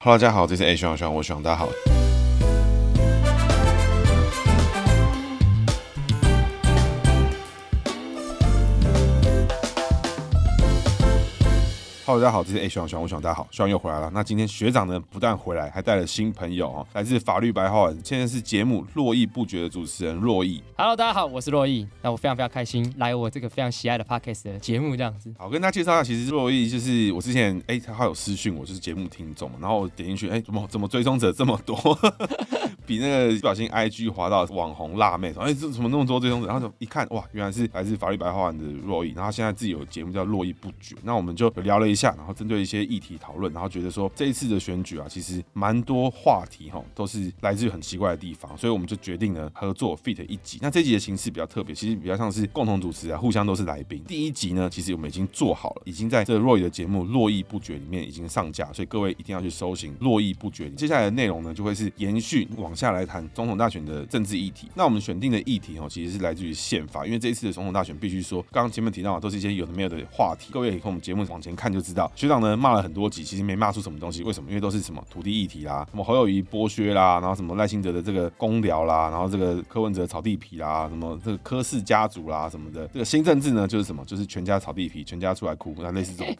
哈嘍，大家好，這是欸，學長學長，我學長，大家好。哈，大家好，這是誒，學長學長，我學長，大家好，學長又回來了。那今天學長呢，不但回來，還帶了新朋友啊、哦，來自法律白話文，現在是節目珞亦不絕的主持人珞亦。Hello，大家好，我是珞亦。那我非常非常開心來我這個非常喜愛的 Podcast 的節目這樣子。好，跟大家介紹一下，其實珞亦就是我之前誒、欸、他還有私訊我，就是節目聽眾，然後我點進去，哎、欸，怎麼怎麼追蹤者這麼多？ 比那個不小心 IG 滑到網紅辣妹，哎、欸，這怎麼那麼多追蹤者？然後就一看，哇，原來是來自法律白話文的珞亦，然後現在自己有節目叫珞亦不絕。那我們就聊了一。下，然後針對一些議題討論，然後覺得說，這一次的選舉啊，其實蠻多話題哈，都是來自於很奇怪的地方，所以我們就決定呢，合作 feat 一集。那這一集的形式比較特別，其實比較像是共同主持啊，互相都是來賓。第一集呢，其實我們已經做好了，已經在這 Roy 的節目《珞亦不絕》裡面已經上架，所以各位一定要去搜尋《珞亦不絕》。接下來的內容呢，就會是延續往下來談總統大選的政治議題。那我們選定的議題哦，其實是來自於憲法，因為這一次的總統大選，必須說，剛剛前面提到的都是一些有的沒有的話題。各位以後我們節目往前看就知道。知道學長呢罵了很多集，其實沒罵出什麼東西。為什麼？因為都是什麼土地議題啦，什麼侯友宜剝削啦，然後什麼賴清德的這個公寮啦，然後這個柯文哲炒地皮啦，什麼這個柯氏家族啦，什麼的。這個新政治呢，就是什麼，就是全家炒地皮，全家出來哭，那類似這種，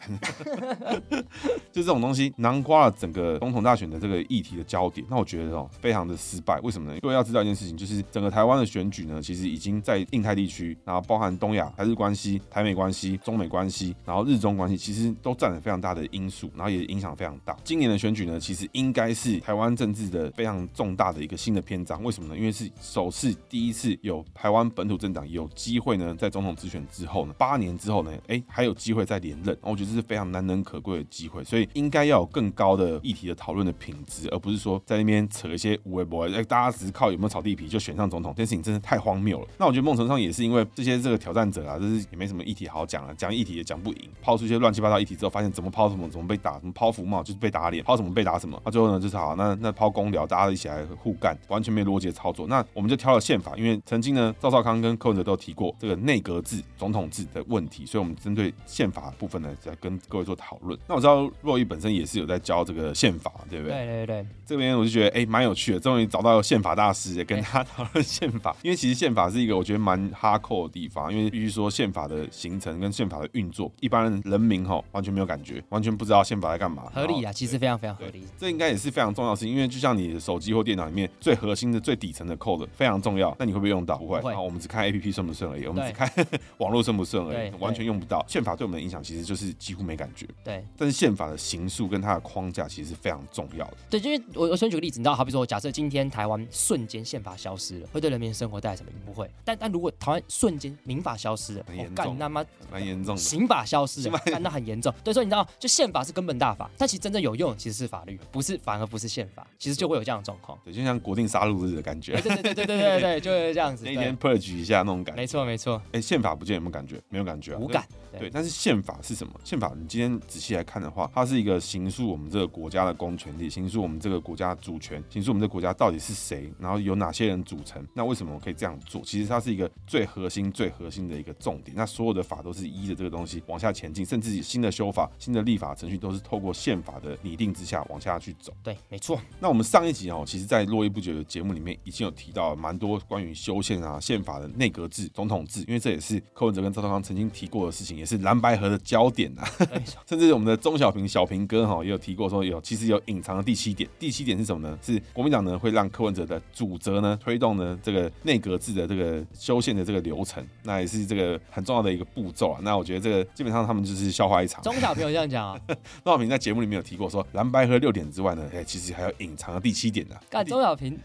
就這種東西囊括了整個總統大選的這個議題的焦點。那我覺得哦，非常的失敗。為什麼呢？各位要知道一件事情，就是整個台灣的選舉呢，其實已經在印太地區，然後包含東亞、台日關係、台美關係、中美關係，然後日中關係，其實都。佔了非常大的因素，然後也影響非常大。今年的選舉呢，其實應該是台灣政治的非常重大的一個新的篇章。為什麼呢？因為是首次第一次有台灣本土政黨有機會呢，在總統直選之後呢，八年之後呢，哎，還有機會再連任。我覺得這是非常難能可貴的機會，所以應該要有更高的議題的討論的品質，而不是說在那邊扯一些有的沒的，哎，大家只是靠有沒有炒地皮就選上總統，這件事情真的太荒謬了。那我覺得孟城上也是因為這些這個挑戰者啊，就是也沒什麼議題好講了、啊，講議題也講不贏，拋出一些亂七八糟議題之後。發現怎麼拋什麼怎麼被打，什麼拋浮帽就是被打臉，拋什麼被打什麼。那、啊、最後呢，就是好那那拋公聊，大家一起來互幹，完全沒邏輯的操作。那我們就挑了憲法，因為曾經呢，趙少康跟柯文哲都提過這個內閣制、總統制的問題，所以我們針對憲法部分呢，在跟各位做討論。那我知道珞亦本身也是有在教這個憲法，對不對？對對對。這邊我就覺得哎，蠻、欸、有趣的，終於找到憲法大師，也跟他討論憲法。欸、因為其實憲法是一個我覺得蠻哈扣的地方，因為必須說憲法的形成跟憲法的運作，一般人民哈完全。沒有感覺，完全不知道憲法在幹嘛。合理啊，其實非常非常合理。這應該也是非常重要的事情，因為就像你的手機或電腦裡面最核心的、最底層的 code 非常重要。那你會不會用到？不會。好，我們只看 APP 順不順而已，對我們只看呵呵網絡順不順而已，完全用不到。憲法對我們的影響其實就是幾乎沒感覺。對。但是憲法的形塑跟它的框架其實是非常重要的。對，就因為我我先舉個例子，你知道，好比說，假設今天台灣瞬間憲法消失了，會對人民生活帶來什麼影響？不會。但但如果台灣瞬間民法消失了，很嚴重。幹你他媽，蠻嚴重的。刑法消失了，那很嚴重。對，所以你知道，就憲法是根本大法，但其實真正有用其實是法律，不是反而不是憲法，其實就會有這樣的狀況。對，就像國定殺戮日的感覺。對、哎、對對對對對對， 就是這樣子。 那天 purge 一下那種感覺。沒錯沒錯。哎，憲法不見有沒有感覺？沒有感覺，無感。對，對但是憲法是什麼？憲法，你今天仔細來看的話，它是一個形塑我們這個國家的公權力，形塑我們這個國家的主權，形塑我們這個國家到底是誰，然後有哪些人組成。那為什麼我可以這樣做？其實它是一個最核心、最核心的一個重點。那所有的法都是依着這個東西往下前進，甚至新的修法、新的立法程序都是透過憲法的擬定之下往下去走。對，沒錯。那我們上一集哦，其實，在珞亦不絕的節目裡面，已經有提到蠻多關於修憲啊、憲法的內閣制、總統制，因為這也是柯文哲跟趙少康曾經提過的事情。也是藍白河的焦點啊，你 甚至我們的鍾小平小平哥哈也有提過說有其實有隱藏的第七點，第七點是什麼呢？是國民黨呢會讓柯文哲的主責呢推動呢這個內閣制的這個修憲的這個流程，那也是這個很重要的一個步驟啊。那我覺得這個基本上他們就是笑話一場。鍾小平有這樣講啊？鍾 小平在節目裡面有提過說藍白河六點之外呢，哎，其實還有隱藏的第七點啊幹。鍾小平，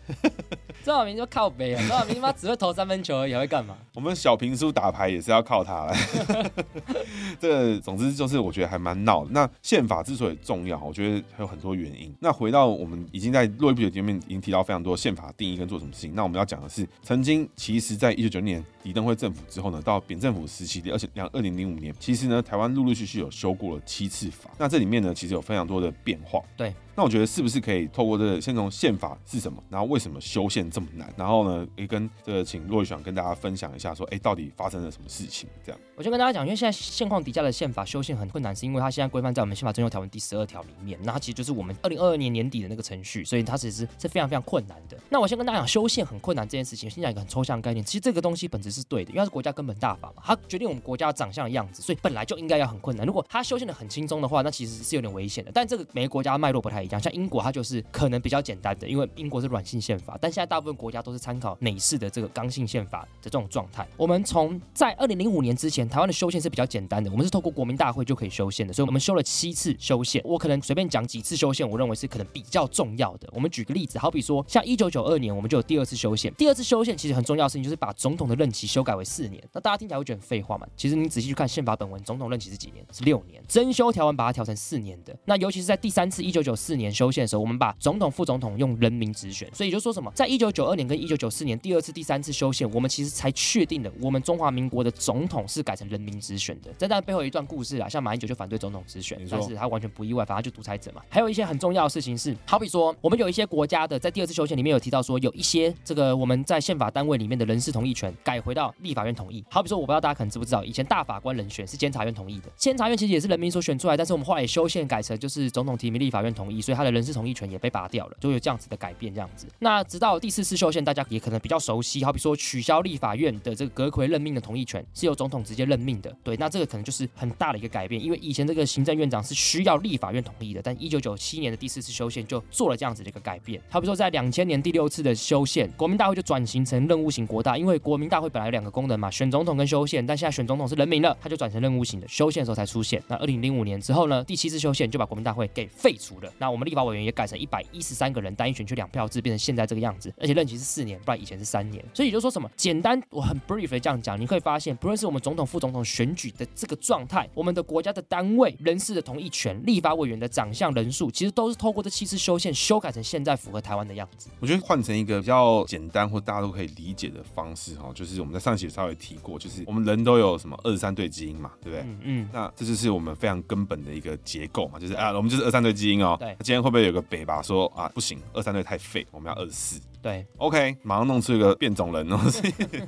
鍾 小平就靠北啊，鍾小平他媽只會投三分球而已， 也會幹嘛？我們小平叔打牌也是要靠他。 這總之就是，我覺得還蠻鬧的。那憲法之所以重要，我覺得還有很多原因。那回到我們已經在珞亦不絕的前面已經提到非常多憲法定義跟做什麼事情。那我們要講的是，曾經其實在一九九九年李登輝政府之後呢，到扁政府時期的，而且二零零五年，其實呢台灣陸陸續續有修過了七次法。那這裡面呢，其實有非常多的變化。對。那我覺得是不是可以透過這個，先從憲法是什麼，然後為什麼修憲這麼難，然後呢，也、欸、跟這個請珞亦先跟大家分享一下說，說、欸、哎，到底發生了什麼事情？這樣。我先跟大家講，因為現在現況底下的憲法修憲很困難，是因為它現在規範在我們憲法增修條文第十二條裡面，那它其實就是我們二零二二年年底的那個程序，所以它其實是非常非常困難的。那我先跟大家講，修憲很困難這件事情，先講一個很抽象的概念，其實這個東西本質是對的，因為它是國家根本大法嘛，它決定我們國家長相的樣子，所以本來就應該要很困難。如果它修憲的很輕鬆的話，那其實是有點危險的。但這個每個國家的脈絡不太。像英國，它就是可能比較簡單的，因為英國是軟性憲法。但現在大部分國家都是參考美式的這個剛性憲法的這種狀態。我們從在二零零五年之前，台灣的修憲是比較簡單的，我們是透過國民大會就可以修憲的，所以我們修了七次修憲。我可能隨便講幾次修憲，我認為是可能比較重要的。我們舉個例子，好比說像一九九二年，我們就有第二次修憲。第二次修憲其實很重要的事情就是把總統的任期修改為四年。那大家聽起來會覺得廢話嘛。其實你仔細去看憲法本文，總統任期是幾年？是六年。增修條文把它調成四年的。那尤其是在第三次一九九四、四年修憲的時候，我們把總統、副總統用人民直選，所以就說什麼，在一九九二年跟一九九四年第二次、第三次修憲，我們其實才確定了我們中華民國的總統是改成人民直選的。在那背後有一段故事啊，像馬英九就反對總統直選，說但是他完全不意外，反而就獨裁者嘛。還有一些很重要的事情是，好比說，我們有一些國家的在第二次修憲裡面有提到說，有一些這個我們在憲法單位裡面的人事同意權改回到立法院同意。好比說，我不知道大家可能知不知道，以前大法官人選是監察院同意的，監察院其實也是人民所選出來，但是我們後來也修憲改成就是總統提名立法院同意。所以他的人事同意權也被拔掉了，就有這樣子的改變，這樣子。那直到第四次修憲，大家也可能比較熟悉，好比說取消立法院的這個閣揆任命的同意權，是由總統直接任命的。對，那這個可能就是很大的一個改變，因為以前這個行政院長是需要立法院同意的，但一九九七年的第四次修憲就做了這樣子的一個改變。好比說，在兩千年第六次的修憲，國民大會就轉型成任務型國大，因為國民大會本來有兩個功能嘛，選總統跟修憲，但現在選總統是人民了，他就轉成任務型的，修憲的時候才出現。那二零零五年之後呢，第七次修憲就把國民大會給廢除了。那我們立法委員也改成一百一十三個人，單一選區兩票制變成現在這個樣子，而且任期是四年，不然以前是三年。所以也就說什麼簡單，我很 brief 的這樣講，你會發現，不論是我們總統、副總統選舉的這個狀態，我們的國家的單位、人事的同意權、立法委員的長相人數，其實都是透過這七次修憲修改成現在符合台灣的樣子。我覺得換成一個比較簡單或大家都可以理解的方式，哈，就是我們在上期稍微提過，就是我們人都有什麼二十三對基因嘛，對不對？嗯嗯。那這就是我們非常根本的一個結構嘛，就是啊，我們就是二十三對基因哦。對。對今天會不會有個北吧說啊，不行，二三隊太廢，我們要二四。對，OK，馬上弄出一個變種人、哦，所以 不是，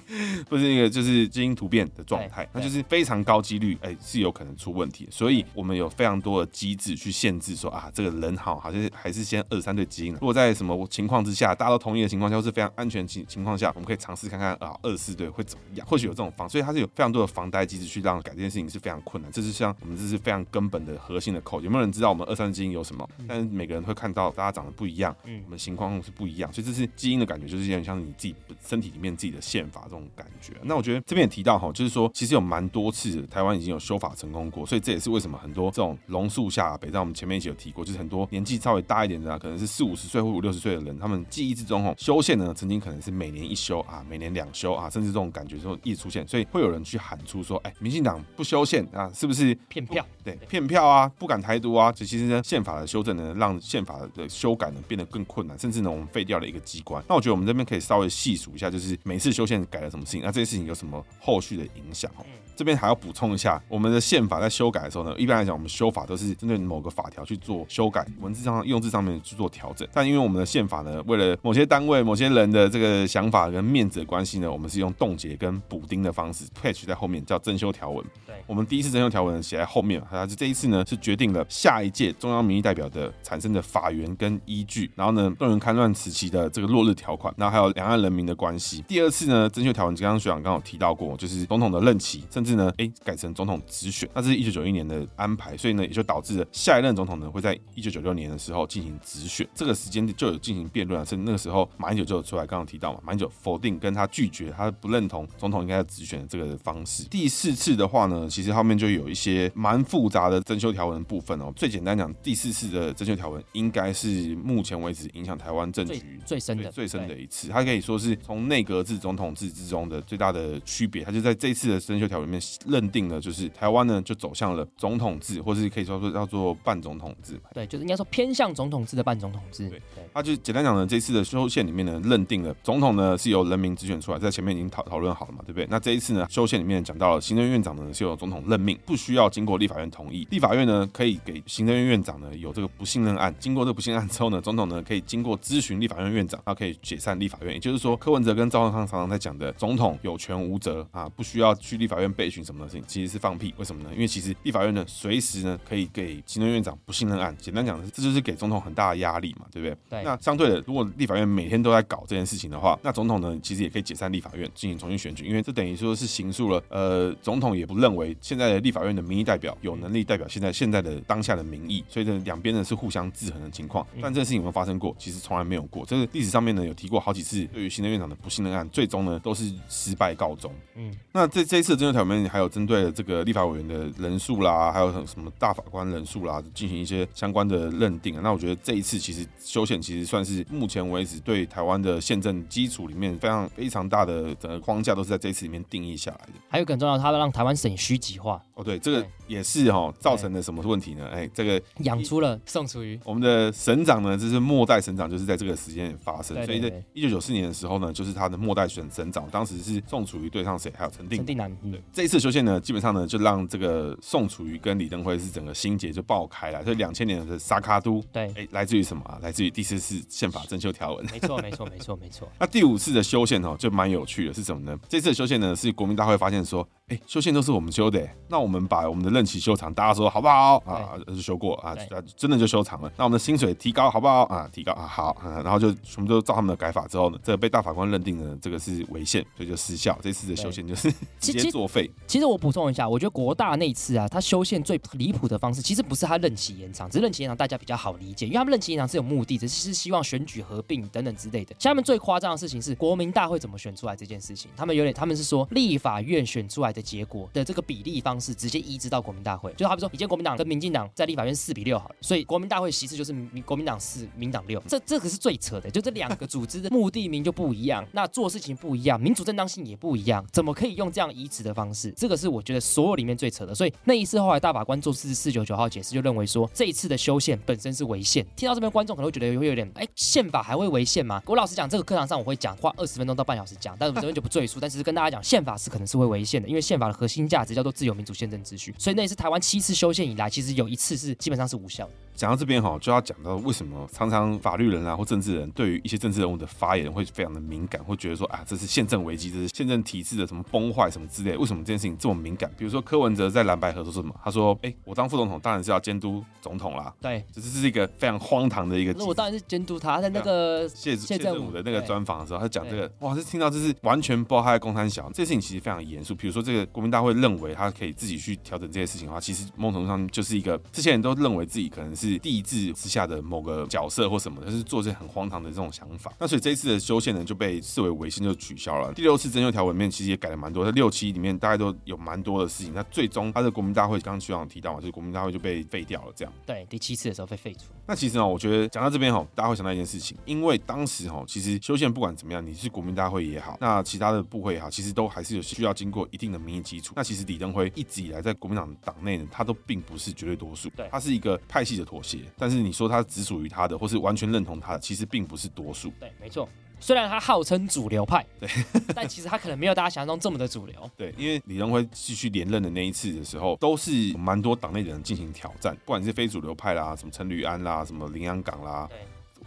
不是那個就是基因突變的狀態，那就是非常高幾率，哎、欸，是有可能出問題。所以，我們有非常多的機制去限制說，說啊，這個人好，好像還是先二三對基因、啊。如果在什麼情況之下，大家都同意的情況下，是非常安全情情況下，我們可以嘗試看看啊，二四對會怎麼樣？或許有這種防，所以它是有非常多的防呆機制去讓改這件事情是非常困難。這是像我們這是非常根本的核心的扣。有沒有人知道我們二三基因有什麼？但是每個人會看到大家長得不一樣，嗯、我們情況是不一樣，所以這是。基因的感覺就是有點像你自己身體裡面自己的憲法這種感覺、啊。那我覺得這邊也提到哈，就是說其實有蠻多次的台灣已經有修法成功過，所以這也是為什麼很多這種榕樹下、啊、北站我們前面一直有提過，就是很多年紀稍微大一點的啊，可能是四五十歲或五六十歲的人，他們記憶之中吼修憲呢，曾經可能是每年一修啊，每年兩修啊，甚至這種感覺之後一直出現，所以會有人去喊出說，哎、欸，民進黨不修憲啊，是不是騙票？對，騙票啊，不敢台獨啊。這其實呢，憲法的修正呢，讓憲法的修改呢變得更困難，甚至呢，我們廢掉了一個機關。那我覺得我們這邊可以稍微細數一下，就是每次修憲改了什麼事情，那這些事情有什麼後續的影響？哦、嗯，這邊還要補充一下，我們的憲法在修改的時候呢，一般來講我們修法都是針對某個法條去做修改，文字上、用字上面去做調整。但因為我們的憲法呢，為了某些單位、某些人的這個想法跟面子的關係呢，我們是用凍結跟補丁的方式，patch 在後面叫增修條文。對，我們第一次增修條文寫在後面，還是這一次呢是決定了下一屆中央民意代表的產生的法源跟依據。然後呢，動員戡亂時期的這個。落日條款，那還有兩岸人民的關係。第二次呢，增修條文，剛剛學長剛好提到過，就是總統的任期，甚至呢，哎，改成總統直選。那這是一九九一年的安排，所以呢，也就導致了下一任總統呢會在一九九六年的時候進行直選。這個時間就有進行辯論啊，甚至那個時候馬英九就有出來剛剛提到嘛，馬英九否定跟他拒絕，他不認同總統應該要直選的這個方式。第四次的話呢，其實後面就有一些蠻複雜的增修條文部分哦。最簡單講，第四次的增修條文應該是目前為止影響台灣政局最，最深的。最深的一次，他可以說是從內閣制、總統制之中的最大的區別，他就在這一次的增修條裡面認定了，就是台灣呢就走向了總統制，或是可以說叫做半總統制。對，就是應該說偏向總統制的半總統制。對，他就簡單講呢，這次的修憲裡面呢，認定了總統呢是由人民直選出來，在前面已經討討論好了嘛，對不對？那這一次呢，修憲裡面講到了行政院院長呢是由總統任命，不需要經過立法院同意，立法院呢可以給行政院院長呢有這個不信任案，經過這個不信任案之後呢，總統呢可以經過諮詢立法院院長啊。可以解散立法院，也就是說，柯文哲跟趙少康常常在講的“總統有權無責”啊，不需要去立法院備詢什麼東西，其實是放屁。為什麼呢？因為其實立法院呢，隨時呢可以給行政院長不信任案。簡單講，這就是給總統很大的壓力嘛，對不對？對。那相對的，如果立法院每天都在搞這件事情的話，那總統呢，其實也可以解散立法院進行重新選舉，因為這等於說是刑訴了。呃，總統也不認為現在的立法院的民意代表有能力代表現在現在的當下的民意，所以呢，兩邊呢是互相制衡的情況。但這件事情有沒有發生過？其實從來沒有過。這個歷史上面呢有提過好幾次，對於新的院長的不信任案，最終呢都是失敗告終。嗯，那這這一次針對台灣面還有針對這個立法委員的人數啦，還有什麼大法官人數啦，進行一些相關的認定、啊。那我覺得這一次其實修憲其實算是目前為止對台灣的憲政基礎裡面非常非常大的整個框架都是在這一次裡面定義下來的。還有更重要的，它讓台灣省虛級化。哦，對，這個也是哦，造成了什麼問題呢？哎、欸，這個養出了宋楚瑜，我們的省長呢，就是末代省長，就是在這個時間發生。所以，在一九九四年的時候呢，就是他的末代選省長，當時是宋楚瑜對上誰？還有陳定南，嗯。對，這一次修憲呢，基本上呢就讓這個宋楚瑜跟李登輝是整個心結就爆開了。所以兩千年的沙卡都，對，哎、欸，來自於什麼啊？來自於第四次憲法增修條文。沒錯，沒錯，沒錯， 沒錯。那第五次的修憲哦，就蠻有趣的，是什麼呢？這次的修憲呢，是國民大會發現說。哎，修憲都是我們修的，那我們把我們的任期修長，大家說好不好啊？對修過啊對，真的就修長了。那我們的薪水提高好不好啊？提高啊，好。啊、然後就全部都照他們的改法之後呢，這個被大法官認定呢，這個是違憲，所以就失效。這次的修憲就是對 直接作廢。其實我補充一下，我覺得國大那次啊，他修憲最離譜的方式，其實不是他任期延長，只是任期延長大家比較好理解，因為他們任期延長是有目的，只是希望選舉合併等等之類的。下面最誇張的事情是國民大會怎麼選出來這件事情，他們有點他們是說立法院選出來的結果的這個比例方式直接移植到國民大會，就好比說以前國民黨跟民進黨在立法院四比六好了，所以國民大會席次就是民國民黨四、民黨六，這這可是最扯的，就這兩個組織的目的名就不一樣，那做事情不一樣，民主正當性也不一樣，怎麼可以用這樣移植的方式？這個是我覺得所有裡面最扯的，所以那一次後來大法官做四九九號解釋，就認為說這一次的修憲本身是違憲。聽到這邊觀眾可能會覺得會有，有，有點，哎，憲法還會違憲嗎？我老實講，這個課堂上我會講，花二十分鐘到半小時講，但我們這邊就不贅述。但其實跟大家講，憲法是可能是會違憲的，因為憲法的核心價值叫做自由、民主、憲政、秩序。所以那一次台灣七次修憲以來，其實有一次是基本上是無效的。講到這邊哈，就要講到為什麼常常法律人啊或政治人對於一些政治人物的發言會非常的敏感，會覺得說啊，這是憲政危機，這是憲政體制的什麼崩壞什麼之類。為什麼這件事情這麼敏感？比如說柯文哲在藍白合作什麼？他說：“哎、欸，我當副總統當然是要監督總統啦。”對，這是是一個非常荒唐的一個。那我當然是監督他，在那個謝謝政府的那個專訪、啊、的、的時候，他講這個，對哇，是聽到這是完全包害公三小。對這件事情其實非常嚴肅。比如說這個國民大會認為他可以自己去調整這些事情的話，其實某種程度上就是一個這些人都認為自己可能是。是帝制之下的某個角色或什麼，的，就是做這些很荒唐的這種想法。那所以這一次的修憲呢，就被視為違憲就取消了。第六次增修條文面其實也改了蠻多，在六七裡面大概都有蠻多的事情。那最終他的國民大會，剛剛學長提到嘛，就是國民大會就被廢掉了。這樣對，第七次的時候被廢除。那其實呢，我覺得講到這邊哦，大家會想到一件事情，因為當時哦，其實修憲不管怎麼樣，你是國民大會也好，那其他的部會也好，其實都還是有需要經過一定的民意基礎。那其實李登輝一直以來在國民黨黨內呢，他都並不是絕對多數，對，他是一個派系的妥協。但是你說他只屬於他的，或是完全認同他的，其實並不是多數。對，沒錯。雖然他號稱主流派，對，但其實他可能沒有大家想象中這麼的主流。 對，因為李登輝繼續連任的那一次的時候，都是蠻多黨內人進行挑戰，不管是非主流派啦，什麼陳履安啦，什麼林洋港啦。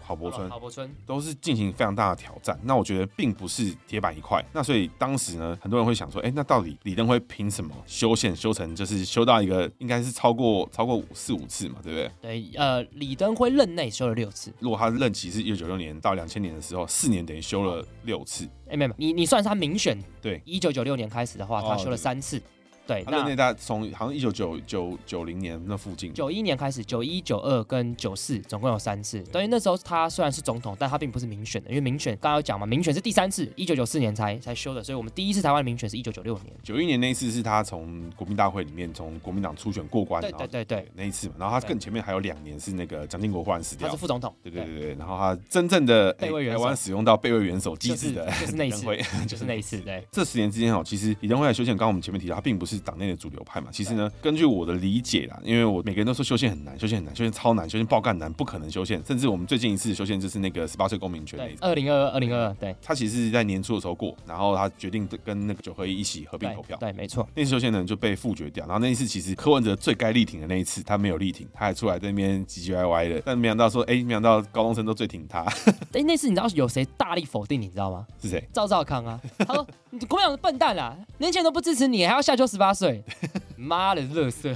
郝柏村，郝柏村都是進行非常大的挑戰。那我覺得並不是鐵板一塊。那所以當時呢，很多人會想說，哎、欸，那到底李登輝憑什麼修憲修成？就是修到一個應該是超過超過五四五次嘛，對不對？對，呃，李登輝任內修了六次。如果他任期是一九九六年到兩千年的時候，四年等於修了六次。哎、欸，沒有，你你算是他民選對？一九九六年開始的話，他修了三次。對，那那他從好像一九九九九零年那附近，九一年開始，九一九二跟九四總共有三次。等於那時候他雖然是總統，但他並不是民選的，因為民選剛剛要講嘛，民選是第三次，一九九四年才才修的。所以我們第一次台灣的民選是一九九六年。九一年那一次是他從國民大會裡面從國民黨初選過關的。對對對，那一次嘛。然後他更前面還有兩年是那個蔣經國忽然死掉，他是副總統，對對對，然後他真正的台灣使用到備位元首機制的，就是那一次，就是那一次。對，這十年之間哦，其實李登輝在修憲，剛我們前面提到他並不是。黨內的主流派嘛，其實呢，對根據我的理解啦，因為我每個人都說修憲很難，修憲很難，修憲超難，修憲爆肝難，不可能修憲。甚至我們最近一次修憲就是那個十八歲公民權那一次，二零二二、二零二二，對。他其實是在年初的時候過，然後他決定跟那個九合一一起合併投票對。對，沒錯，那次修憲呢就被複決掉。然後那一次其實柯文哲最該力挺的那一次，他沒有力挺，他還出來在那邊唧唧歪歪的。但沒想到說，哎、欸，沒想到高中生都最挺他。哎、欸，那次你知道有誰大力否定你，知道嗎？是誰誰？趙少康啊，他說 你國民黨是笨蛋啦、啊，年輕人都不支持你，還要下修十八。八歲，媽的，樂色，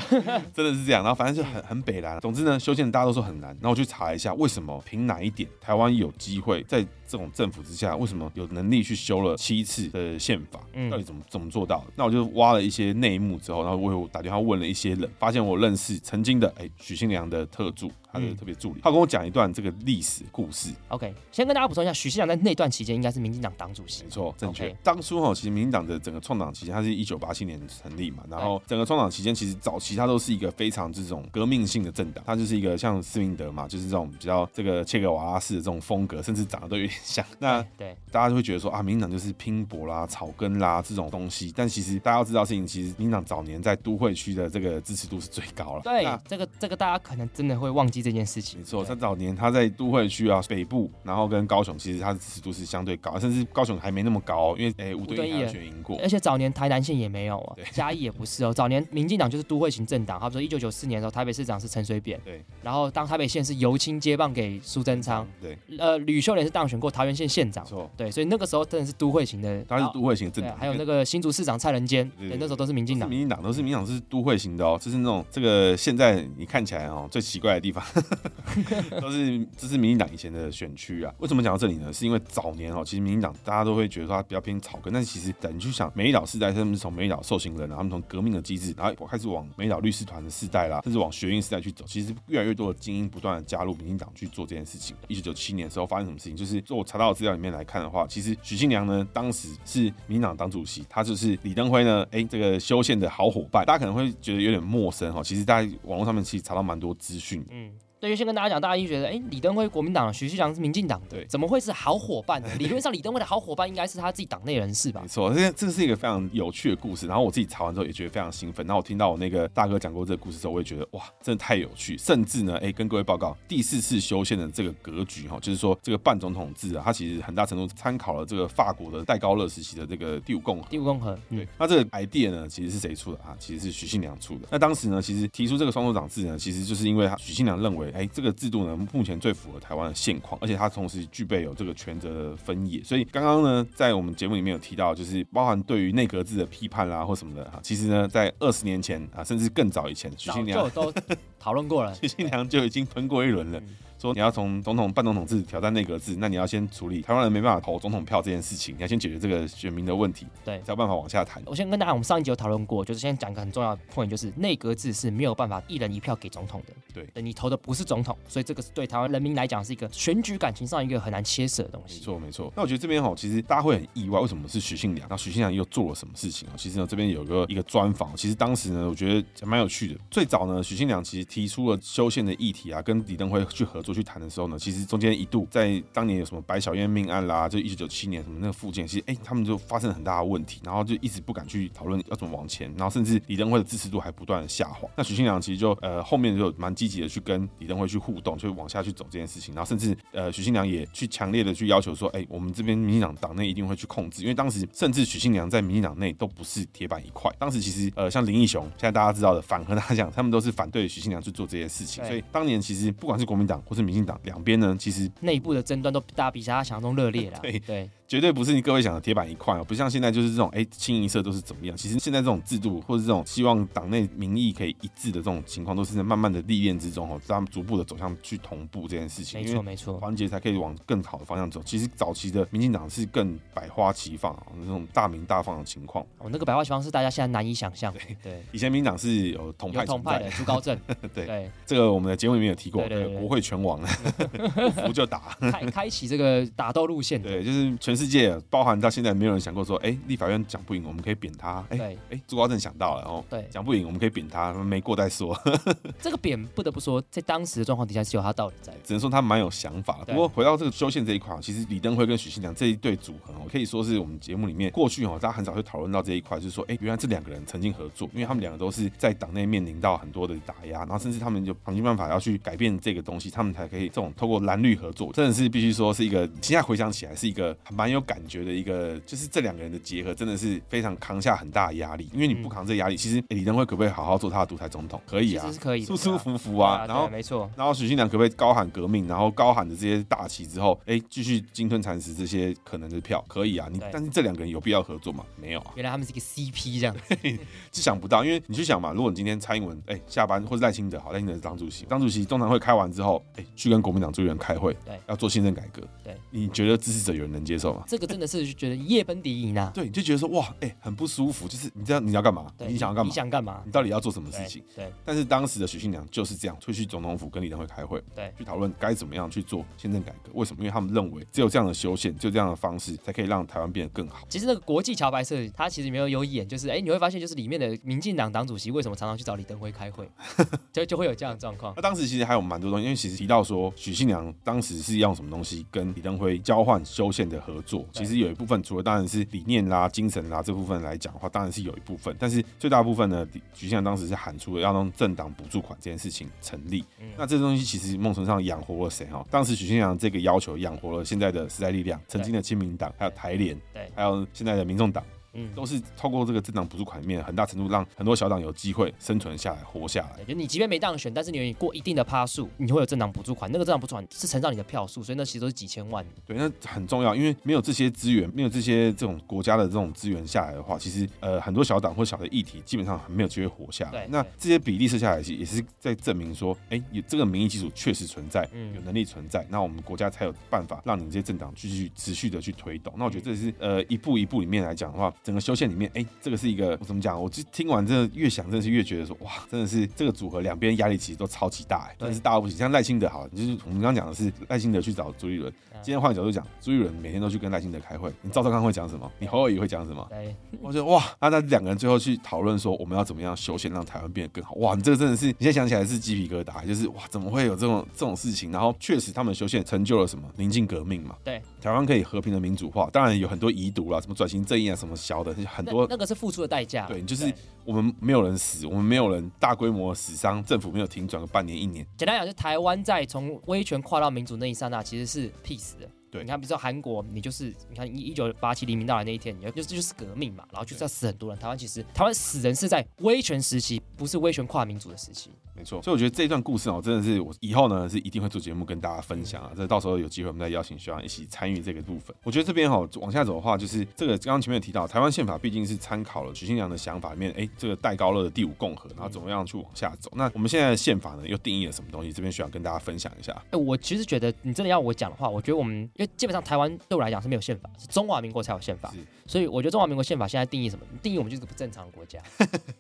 真的是這樣。然後反正是很很北爛。總之呢，修憲大家都說很難。然後我去查一下，為什麼憑哪一點台灣有機會在，這種政府之下，為什麼有能力去修了七次的憲法？嗯，到底怎麼怎麼做到的？那我就挖了一些內幕之後，然後我又打電話問了一些人，發現我認識曾經的哎許信良的特助，他的特別助理，嗯、他跟我講一段這個歷史故事。OK，先跟大家補充一下，許信良在那段期間應該是民進黨黨主席。沒錯，正確。Okay 當初哈，其實民進黨的整個創黨期間，他是一九八七年成立嘛，然後整個創黨期間，其實早期他都是一個非常這種革命性的政黨，他就是一個像施明德嘛，就是這種比較這個切格瓦拉式的這種風格，甚至長得都有點。那對，對大家就會覺得說啊，民進黨就是拼搏啦、草根啦這種東西。但其實大家要知道事情，其實民進黨早年在都會區的這個支持度是最高了。對，那這個這個大家可能真的會忘記這件事情。沒錯錯，他對早年他在都會區啊北部，然後跟高雄，其實他的支持度是相對高，啊、甚至高雄還沒那麼高，哦，因為誒吳敦義選贏過。而且早年台南縣也沒有哦，啊，嘉對義也不是哦。對早年民進黨就是都會型政黨。他說一九九四年的時候，台北市長是陳水扁，對。然後當台北縣是尤清接棒給蘇貞昌，對呃。呃，呂秀蓮是當選過。桃園縣縣長，錯錯，對，所以那個時候真的是都會型的，他是都會型的政黨，黨、哦啊、還有那個新竹市長蔡仁堅，對，對，對，對，那時候都是民進黨，民進黨都是民黨是，是，是都會型的哦、喔，這、就是那種這個現在你看起來哦、喔、最奇怪的地方， 都是這是民進黨以前的選區啊。為什麼講到這裡呢？是因為早年哦、喔，其實民進黨大家都會覺得說他比較偏草根，但其實等你去想，美麗島世代，他們從美麗島受刑人，然後他們從革命的機制，然後開始往美麗島律師團的世代啦，甚至往學運世代去走，其實越來越多的精英不斷的加入民進黨去做這件事情。一九九七年的時候發生什麼事情？就是。我查到的資料裡面來看的話，其實許信良呢，當時是民黨黨主席，他就是李登輝呢，誒、欸，這個修憲的好夥伴，大家可能會覺得有點陌生哈。其實，在網絡上面其實查到蠻多資訊，嗯。所以先跟大家講，大家就覺得，哎、欸，李登輝國民黨，許信良是民進黨的，對怎麼會是好伙伴呢？理論上，李登輝的好伙伴應該是他自己黨內人士吧？沒錯，這這是一個非常有趣的故事。然後我自己查完之後也覺得非常興奮。然後我聽到我那個大哥講過這個故事之後，我也覺得哇，真的太有趣。甚至呢，哎、欸，跟各位報告第四次修憲的這個格局哈，就是說這個半總統制啊，他其實很大程度參考了這個法國的戴高樂時期的這個第五共和。第五共和，對。對，那這個 idea 呢，其實是誰出的啊？其實是許信良出的。那當時呢，其實提出這個雙首長制呢，其實就是因為他許信良認為。哎，這個制度呢，目前最符合台灣的現況，而且它同時具備有這個權責的分野。所以剛剛呢，在我們節目裡面有提到，就是包含對於內閣制的批判啦、啊，或什麼的哈。其實呢，在二十年前啊，甚至更早以前，許信良就都討論過了，許 信良就已經噴過一輪了。嗯說你要從總統、半總統制挑戰內閣制，那你要先處理台灣人沒辦法投總統票這件事情，你要先解決這個選民的問題，對才有辦法往下談。我先跟大家，我們上一集有討論過，就是先講一個很重要的 point，就是內閣制是沒有辦法一人一票給總統的。對，對，你投的不是總統，所以這個是對台灣人民來講是一個選舉感情上一個很難切捨的東西。沒錯，沒錯。那我覺得這邊好、哦、其實大家會很意外，為什麼是許信良？那許信良又做了什麼事情啊？其實呢，這邊有一個一個專訪，其實當時呢，我覺得還蠻有趣的。最早呢，許信良其實提出了修憲的議題啊，跟李登輝去合作。去談的時候呢，其實中間一度在當年有什麼白小燕命案啦，就一九九七年什麼那個附近，其實哎、欸，他們就發生了很大的問題，然後就一直不敢去討論要怎麼往前，然後甚至李登輝的支持度還不斷的下滑。那許信良其實就呃後面就蠻積極的去跟李登輝去互動，就往下去走這件事情，然後甚至呃許信良也去強烈的去要求說，哎、欸，我們這邊民進黨黨內一定會去控制，因為當時甚至許信良在民進黨內都不是鐵板一塊，當時其實呃像林義雄，現在大家知道的反核大將，他們都是反對許信良去做這件事情，對所以當年其實不管是國民黨或是民進黨兩邊呢，其實內部的爭端都大比大家想象中熱烈了啊。 對。絕對不是你各位想的鐵板一塊哦、喔，不像現在就是這種哎、欸、清一色都是怎麼樣？其實現在這種制度，或者這種希望黨內民意可以一致的這種情況，都是在慢慢的歷練之中哦、喔，讓他們逐步的走向去同步這件事情，沒錯沒錯，團結才可以往更好的方向走。其實早期的民進黨是更百花齊放、喔，那種大鳴大放的情況。我那個百花齊放是大家現在難以想象。對，對以前民進黨是有統派,有統派的, 統派的朱高正，對對，對這個我們的節目裡面有提過，對,對。國會拳王， 不服就打，開開啟這個打鬥路線對，就是全是。世界包含到現在，沒有人想過說，哎、欸，立法院講不贏，我們可以扁他。哎、欸，哎對、欸，朱高正想到了、喔，哦對，講不贏，我們可以扁他，沒過再說。 這個扁不得不說，在當時的狀況底下是有他道理在的。只能說他蠻有想法的。對不過回到這個修憲這一塊，其實李登輝跟許信良這一對組合，哦，可以說是我們節目裡面過去哦，大家很少會討論到這一塊，就是說，哎、欸，原來這兩個人曾經合作，因為他們兩個都是在黨內面臨到很多的打壓，然後甚至他們就想盡辦法要去改變這個東西，他們才可以這種透過藍綠合作，真的是必須說是一個。現在回想起來，是一個蠻。有感覺的一個，就是這兩個人的結合，真的是非常扛下很大的壓力。因為你不扛這壓力，其實、欸、李登輝可不可以好好做他的獨裁總統？可以啊，是可以，舒舒服服啊。啊啊然後沒錯，然後許信良可不可以高喊革命，然後高喊着這些大旗之後，哎、欸，繼續鯨吞蠶食這些可能的票？可以啊，你對但是這兩個人有必要合作嗎？沒有啊，原來他們是一個 CP 這樣子，是想不到。因為你去想嘛，如果你今天蔡英文哎、欸、下班，或者賴清德，好，賴清德是張主席、張主席中常會開完之後，哎、欸，去跟國民黨諸人開會，對，要做憲政改革，對，你覺得支持者有人能接受？這個真的是覺得夜奔敵營呢、啊。對，就覺得說哇，哎、欸，很不舒服，就是你知道你要幹嘛，對你想要幹嘛，你想幹嘛，你到底要做什麼事情？對。對，但是當時的許信良就是這樣，出去總統府跟李登輝開會，對，去討論該怎麼樣去做憲政改革。為什麼？因為他們認為只有這樣的修憲，就這樣的方式，才可以讓台灣變得更好。其實那個國際橋牌社，他其實沒有有演，就是哎，你會發現就是裡面的民進黨黨主席為什麼常常去找李登輝開會， 就就會有這樣的狀況。那、啊、當時其實還有蠻多東西，因為其實提到說許信良當時是要用什麼東西跟李登輝交換修憲的合。做其實有一部分，除了當然是理念啦、精神啦這部分來講的話，當然是有一部分，但是最大部分呢，許信良當時是喊出了要讓政黨補助款這件事情成立。那這東西其實某程度上養活了誰哈？當時許信良這個要求養活了現在的時代力量、曾經的親民黨、還有台聯，對，還有現在的民眾黨。嗯，都是透過這個政黨補助款裡面，很大程度讓很多小黨有機會生存下來，活下來。就你即便沒當選，但是你願意過一定的趴數，你會有政黨補助款。那個政黨補助款是乘上你的票數，所以那其實都是幾千萬。對，那很重要，因為沒有這些資源，沒有這些這種國家的這種資源下來的話，其實呃很多小黨或小的議題基本上還沒有機會活下來。對對，那這些比例設下來，也是在證明說，哎，欸，有這個民意基礎確實存在，嗯、有能力存在，那我們國家才有辦法讓你這些政黨繼續持續的去推動。那我覺得這是呃一步一步裡面來講的話，整個修憲裡面，哎、欸，這個是一個我怎麼講？我就聽完真的越想，真的是越覺得說，哇，真的是這個組合兩邊壓力其實都超級大、欸，但是大到不行。像賴清德好了，好，就是我們剛剛講的是賴清德去找朱立倫。啊、今天換個角度講，朱立倫每天都去跟賴清德開會。你趙少康會講什麼？你侯友宜會講什麼？哎對，我覺得哇，那那兩個人最後去討論說我們要怎麼樣修憲讓台灣變得更好。哇，你這個真的是，你現在想起來是雞皮疙瘩，就是哇，怎麼會有這種這種事情？然後確實他們修憲成就了什麼？寧靜革命嘛，對，台灣可以和平的民主化。當然有很多遺毒啦，什麼轉型正義啊，什麼的很多，那個是付出的代價。對，就是我們沒有人死，我們沒有人大規模死傷，政府沒有停轉個半年一年。簡單講，就是台灣在從威權跨到民主那一剎那，其實是 peace 的。對你看，比如說韓國，你就是你看一一九八七黎明到來那一天，你就就就是革命嘛，然後就是要死很多人。對台灣其實台灣死人是在威權時期，不是威權跨民主的時期。沒錯，所以我覺得這一段故事啊，真的是我以後呢是一定會做節目跟大家分享啊。嗯、這到時候有機會，我們再邀請學長一起參與這個部分。我覺得這邊哈、哦、往下走的話，就是這個剛剛前面提到台灣憲法畢竟是參考了許信良的想法裡面，哎，這個戴高樂的第五共和，然後怎麼樣去往下走？嗯、那我們現在的憲法呢，又定義了什麼東西？這邊需要跟大家分享一下。哎、嗯，我其實覺得你真的要我講的話，我覺得我們。基本上台灣對我來講是沒有憲法，是中華民國才有憲法。是所以我覺得中華民國憲法現在定義什麼？定義我們就是個不正常的國家。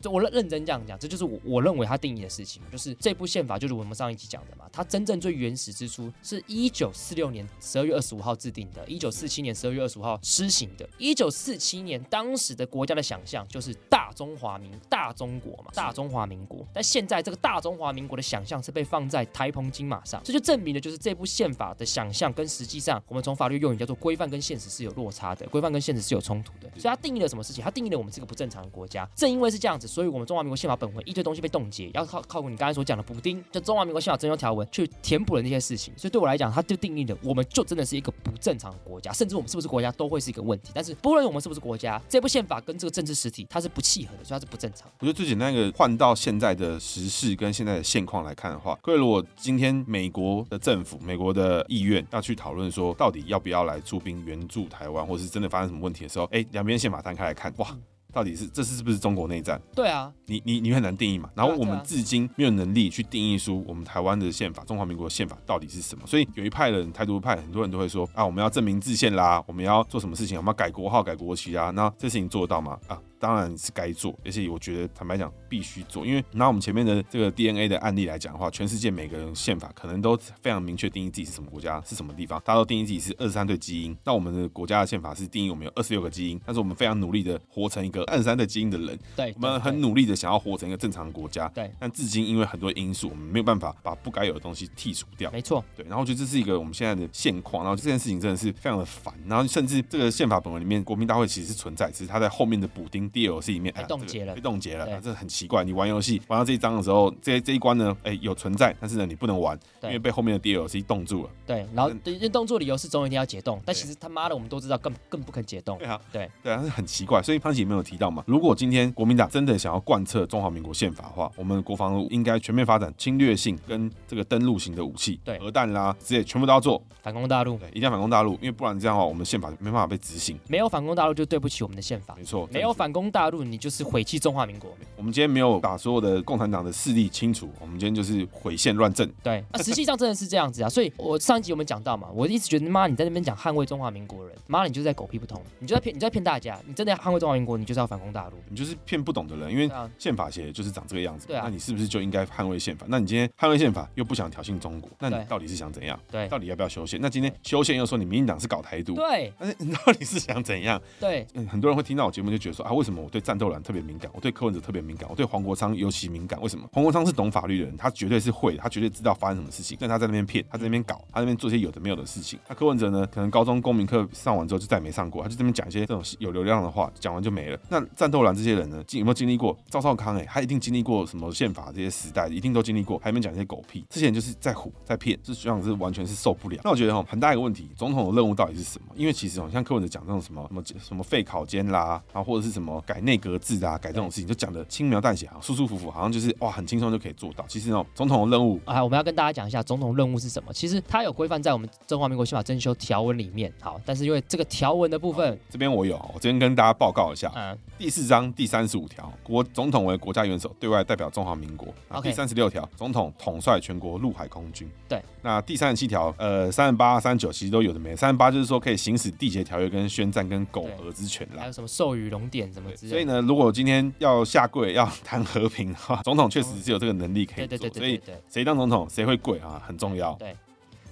就我認認真這樣講，這就是我我認為它定義的事情。就是這部憲法就是我們上一集講的嘛，它真正最原始之初是1946年12月25號制定的，1947年12月25號施行的。1947年當時的國家的想象就是大中華民，大中國嘛，大中華民國。是但現在這個大中華民國的想象是被放在台澎金馬上，這就證明了就是這部憲法的想象跟實際上。我們從法律用語叫做規範跟現實是有落差的，規範跟現實是有衝突的，所以它定義了什麼事情？它定義了我們是一個不正常的國家。正因為是這樣子，所以我們中華民國憲法本文一堆東西被凍結，要靠靠你剛才所講的補丁，就中華民國憲法增修條文去填補了那些事情。所以對我來講，它就定義了，我們就真的是一個不正常的國家，甚至我們是不是國家都會是一個問題。但是不論我們是不是國家，這部憲法跟這個政治實體它是不契合的，所以它是不正常的。我覺得最簡單一個換到現在的時事跟現在的現況來看的話，各位如果今天美國的政府、美國的意願要去討論說。到底要不要來出兵援助台灣，或是真的發生什麼問題的時候，哎、欸，兩邊憲法攤開來看，哇，到底是這是不是中國內戰？對啊，你你你很難定義嘛。然後我們至今沒有能力去定義出我們台灣的憲法，中華民國的憲法到底是什麼。所以有一派人，台獨派，很多人都會說啊，我們要正名制憲啦，我們要做什麼事情，我們要改國號、改國旗啊。那這事情做得到嗎？啊？當然是該做，而且我覺得坦白講必須做，因為拿我們前面的這個 DNA 的案例來講的話，全世界每個人憲法可能都非常明確定義自己是什麼國家，是什麼地方，大家都定義自己是二十三對基因。那我們的國家的憲法是定義我們有二十六個基因，但是我們非常努力的活成一個二十三對基因的人，對，對對，我們很努力的想要活成一個正常國家，對。但至今因為很多因素，我們沒有辦法把不該有的東西剔除掉，沒錯，對。然後我覺得這是一個我們現在的現況，然後這件事情真的是非常的煩，然後甚至這個憲法本文裡面國民大會其實是存在，只是它在後面的補丁。D L C 裡面哎，凍結了，被凍結了，這很奇怪。你玩遊戲玩到這一章的時候，這這一關呢，哎有存在，但是呢你不能玩，因為被後面的 D L C 凍住了。對，然後因為動作理由是總有一天要解凍，但其實他媽的我們都知道，更更不肯解凍。對，對，但是很奇怪。所以他們也沒有提到嘛？如果今天國民黨真的想要貫徹中華民國憲法的話，我們國防部應該全面發展侵略性跟這個登陸型的武器，對，核彈啦，這些全部都要做反攻大陸，對，一定要反攻大陸，因為不然這樣的話，我們憲法沒辦法被執行。沒有反攻大陸就對不起我們的憲法。沒錯，沒有反。攻大陸，你就是毀棄中華民國，有沒有？我們今天沒有把所有的共產黨的勢力清除，我們今天就是毀憲亂政。對，那實際上真的是這樣子啊。所以，我上一集我們講到嘛？我一直覺得，媽，你在那邊講捍衛中華民國人，媽，你就是在狗屁不通，你就在騙，你就在騙大家。你真的要捍衛中華民國，你就是要反攻大陸，你就是騙不懂的人。因為憲法寫就是長這個樣子，對啊，那你是不是就應該捍衛憲法？那你今天捍衛憲法，又不想挑釁中國，那你到底是想怎樣？對，到底要不要修憲？那今天修憲又說你民進黨是搞台獨，對，那你到底是想怎樣？對，嗯，很多人會聽到我節目就覺得說啊，為什麼我對戰鬥藍特別敏感？我對柯文哲特別敏感，我對黃國昌尤其敏感。為什麼？黃國昌是懂法律的人，他絕對是會，他絕對知道發生什麼事情。但他在那邊騙，他在那邊搞，他那邊做些有的沒有的事情。那柯文哲呢？可能高中公民課上完之後就再也沒上過，他就這邊講一些這種有流量的話，講完就沒了。那戰鬥藍這些人呢？經有沒有經歷過？趙少康哎、欸，他一定經歷過什麼憲法這些時代，一定都經歷過。還那邊講一些狗屁，這些人就是在唬、在騙，是實際上是完全是受不了。那我覺得吼，很大一個問題，總統的任務到底是什麼？因為其實吼，像柯文哲講這種什麼什麼什麼廢考監啦，然後或者是什麼。改內閣制啊，改這種事情就講得輕描淡寫啊，舒舒服服，好像就是哇，很輕鬆就可以做到。其實那種總統的任務啊，我們要跟大家講一下總統任務是什麼。其實它有規範在我們中華民國憲法增修條文裡面。好，但是因為這個條文的部分，啊、這邊我有，我這邊跟大家報告一下。嗯，第四章第三十五條，國總統為國家元首，對外代表中華民國。然後第三十六條，Okay. 總統統帥全國陸海空軍。對。那第三十七條，呃，三十八、三十九其實都有的沒。三十八就是說可以行使締結條約、跟宣戰、跟媾和之權啦。還有什麼授予榮典？所以呢，如果今天要下跪要談和平的話，總統確實是有這個能力可以做。所以誰當總統，誰會跪啊，很重要。對。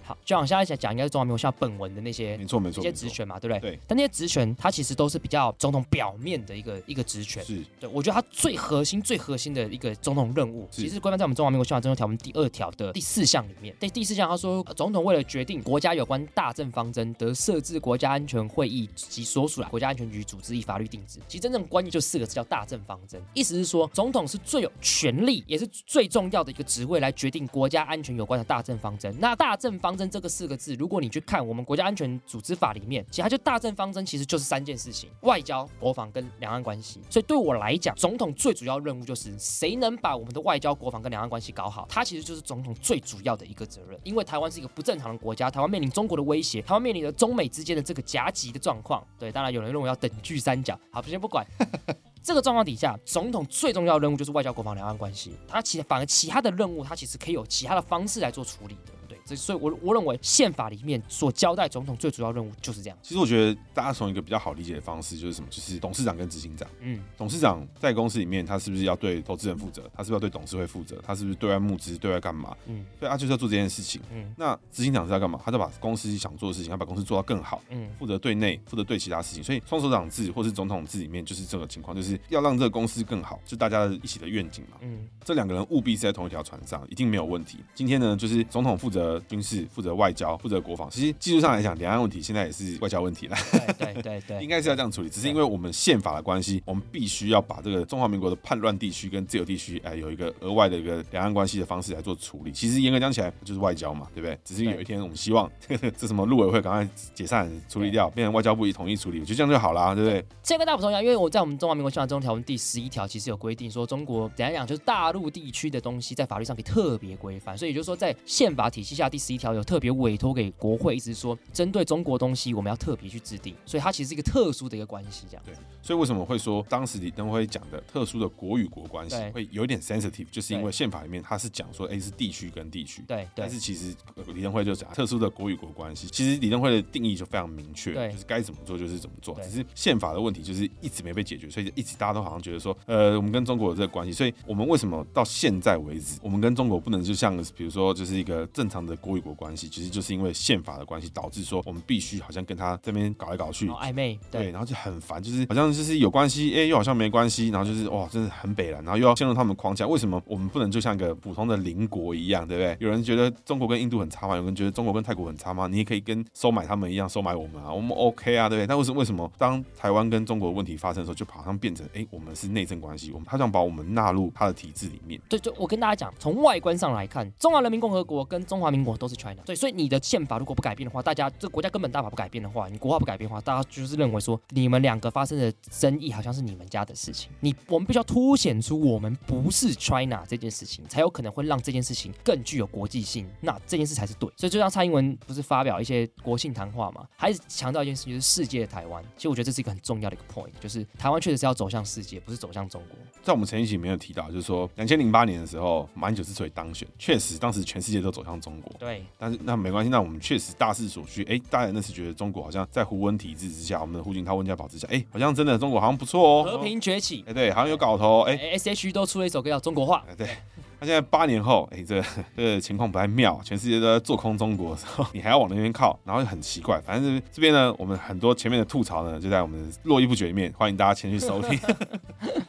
好，就往下一起來講，應該是中華民國憲法本文的那些沒錯沒錯，那些職權嘛，對不錯對？對。但那些職權，它其實都是比較總統表面的一個一個職權。是。對，我覺得它最核心、最核心的一個總統任務，是其實規範在我們中華民國憲法增修條文第二條的第四項裡面。對，第四項，他、呃、說，總統為了決定國家有關大政方針，得設置國家安全會議及所屬的國家安全局，組織以法律定制。其實真正關鍵就四個字，叫大政方針。意思是說，總統是最有權力，也是最重要的一個職位，來決定國家安全有關的大政方針。那大政方針。這個四個字，如果你去看我們國家安全組織法裡面，其他就大政方針其實就是三件事情：外交、國防跟兩岸關係。所以對我來講，總統最主要任務就是誰能把我們的外交、國防跟兩岸關係搞好，他其實就是總統最主要的一個責任。因為台灣是一個不正常的國家，台灣面臨中國的威脅，台灣面臨着中美之間的這個夾擊的狀況。對，當然有人認為要等巨三角。好，先不管 這個狀況底下，總統最重要任務就是外交、國防、兩岸關係。他其反而其他的任務，他其實可以有其他的方式來做處理的。所以，我我認為憲法裡面所交代總統最主要任務就是這樣。其實我覺得大家從一個比較好理解的方式就是什麼，就是董事長跟執行長。嗯，董事長在公司裡面，他是不是要對投資人負責？他是不是要對董事會負責？他是不是對外募資、對外幹嘛？嗯，所以他就是要做這件事情。嗯，那執行長是要幹嘛？他就把公司想做的事情，他把公司做到更好。嗯，負責對內，負責對其他事情。所以，雙首長制或是總統制裡面，就是這個情況，就是要讓這個公司更好，就大家一起的願景嘛。嗯，這兩個人務必是在同一條船上，一定沒有問題。今天呢，就是總統負責。軍事負責外交，負責國防。其實技術上來講，兩岸問題現在也是外交問題了。對對對對，對對對 應該是要這樣處理。只是因為我們憲法的關係，對我們必須要把這個中華民國的叛亂地區跟自由地區，哎，有一個額外的一個兩岸關係的方式來做處理。其實嚴格講起來，就是外交嘛，對不對？只是有一天我們希望對 這什麼陸委會趕快解散，處理掉，對變成外交部一統一處理，我覺得這樣就好了，對不對？這個大不重要，因為我在我們中華民國憲法中條文第十一條其實有規定說，中國怎樣講就是大陸地區的東西，在法律上可以特別規範。所以也就是說，在憲法體系下。下第十一條有特別委托給國會，一直說針對中國東西我們要特別去制定，所以它其實是一個特殊的一個關係，這樣對。所以為什麼會說當時李登輝講的特殊的國與國關係會有點 sensitive，就是因為憲法裡面它是講說，哎、欸，是地區跟地區，對，但是其實李登輝就講特殊的國與國關係，其實李登輝的定義就非常明確，對，就是該怎麼做就是怎麼做，只是憲法的問題就是一直沒被解決，所以一直大家都好像覺得說，呃，我們跟中國有這個關係，所以我們為什麼到現在為止我們跟中國不能就像比如說就是一個正常的。國與國關係，其實就是因為憲法的關係，導致說我們必須好像跟他這邊搞來搞去，哦、曖昧對，對，然後就很煩，就是好像就是有關係，哎、欸，又好像沒關係，然後就是哇，真的很北爛，然後又要陷入他們框架，為什麼我們不能就像一個普通的鄰國一樣，對不對？有人覺得中國跟印度很差嗎？有人覺得中國跟泰國很差嗎？你也可以跟收買他們一樣收買我們啊，我們 OK 啊，對不對？那為什麼為什麼當台灣跟中國的問題發生的時候，就好像變成哎、欸，我們是內政關係，我們他想把我們納入他的體制裡面？對，就我跟大家講，從外觀上來看，中華人民共和國跟中華民。國都是 China，所以所以你的憲法如果不改變的話，大家這個、國家根本大法不改變的話，你國號不改變的話，大家就是認為說你們兩個發生的爭議好像是你們家的事情。你我們必須要凸顯出我們不是 China 這件事情，才有可能會讓這件事情更具有國際性。那這件事才是對。所以就像蔡英文不是發表一些國慶談話嘛，還是強調一件事情，就是世界的台灣。其實我覺得這是一個很重要的一個 point，就是台灣確實是要走向世界，不是走向中國。在我們陳奕迅沒有提到，就是說，兩千零八年的時候，馬英九之所以當選，確實當時全世界都走向中國。對，但是那沒關係，那我們確實大勢所趨。哎、欸，大家那時覺得中國好像在胡溫體制之下，我們的胡錦濤溫家寶之下，哎、欸，好像真的中國好像不錯哦、喔，和平崛起，哎、欸，對，好像有搞頭。哎、欸、S、欸、H E 都出了一首歌叫《中國話》欸，對。 他、啊、現在八年後，哎、欸，這個、這個、情況不太妙，全世界都在做空中國的時候，你還要往那邊靠，然後就很奇怪。反正這邊呢，我們很多前面的吐槽呢，就在我們珞亦不絕裡面，歡迎大家前去收聽。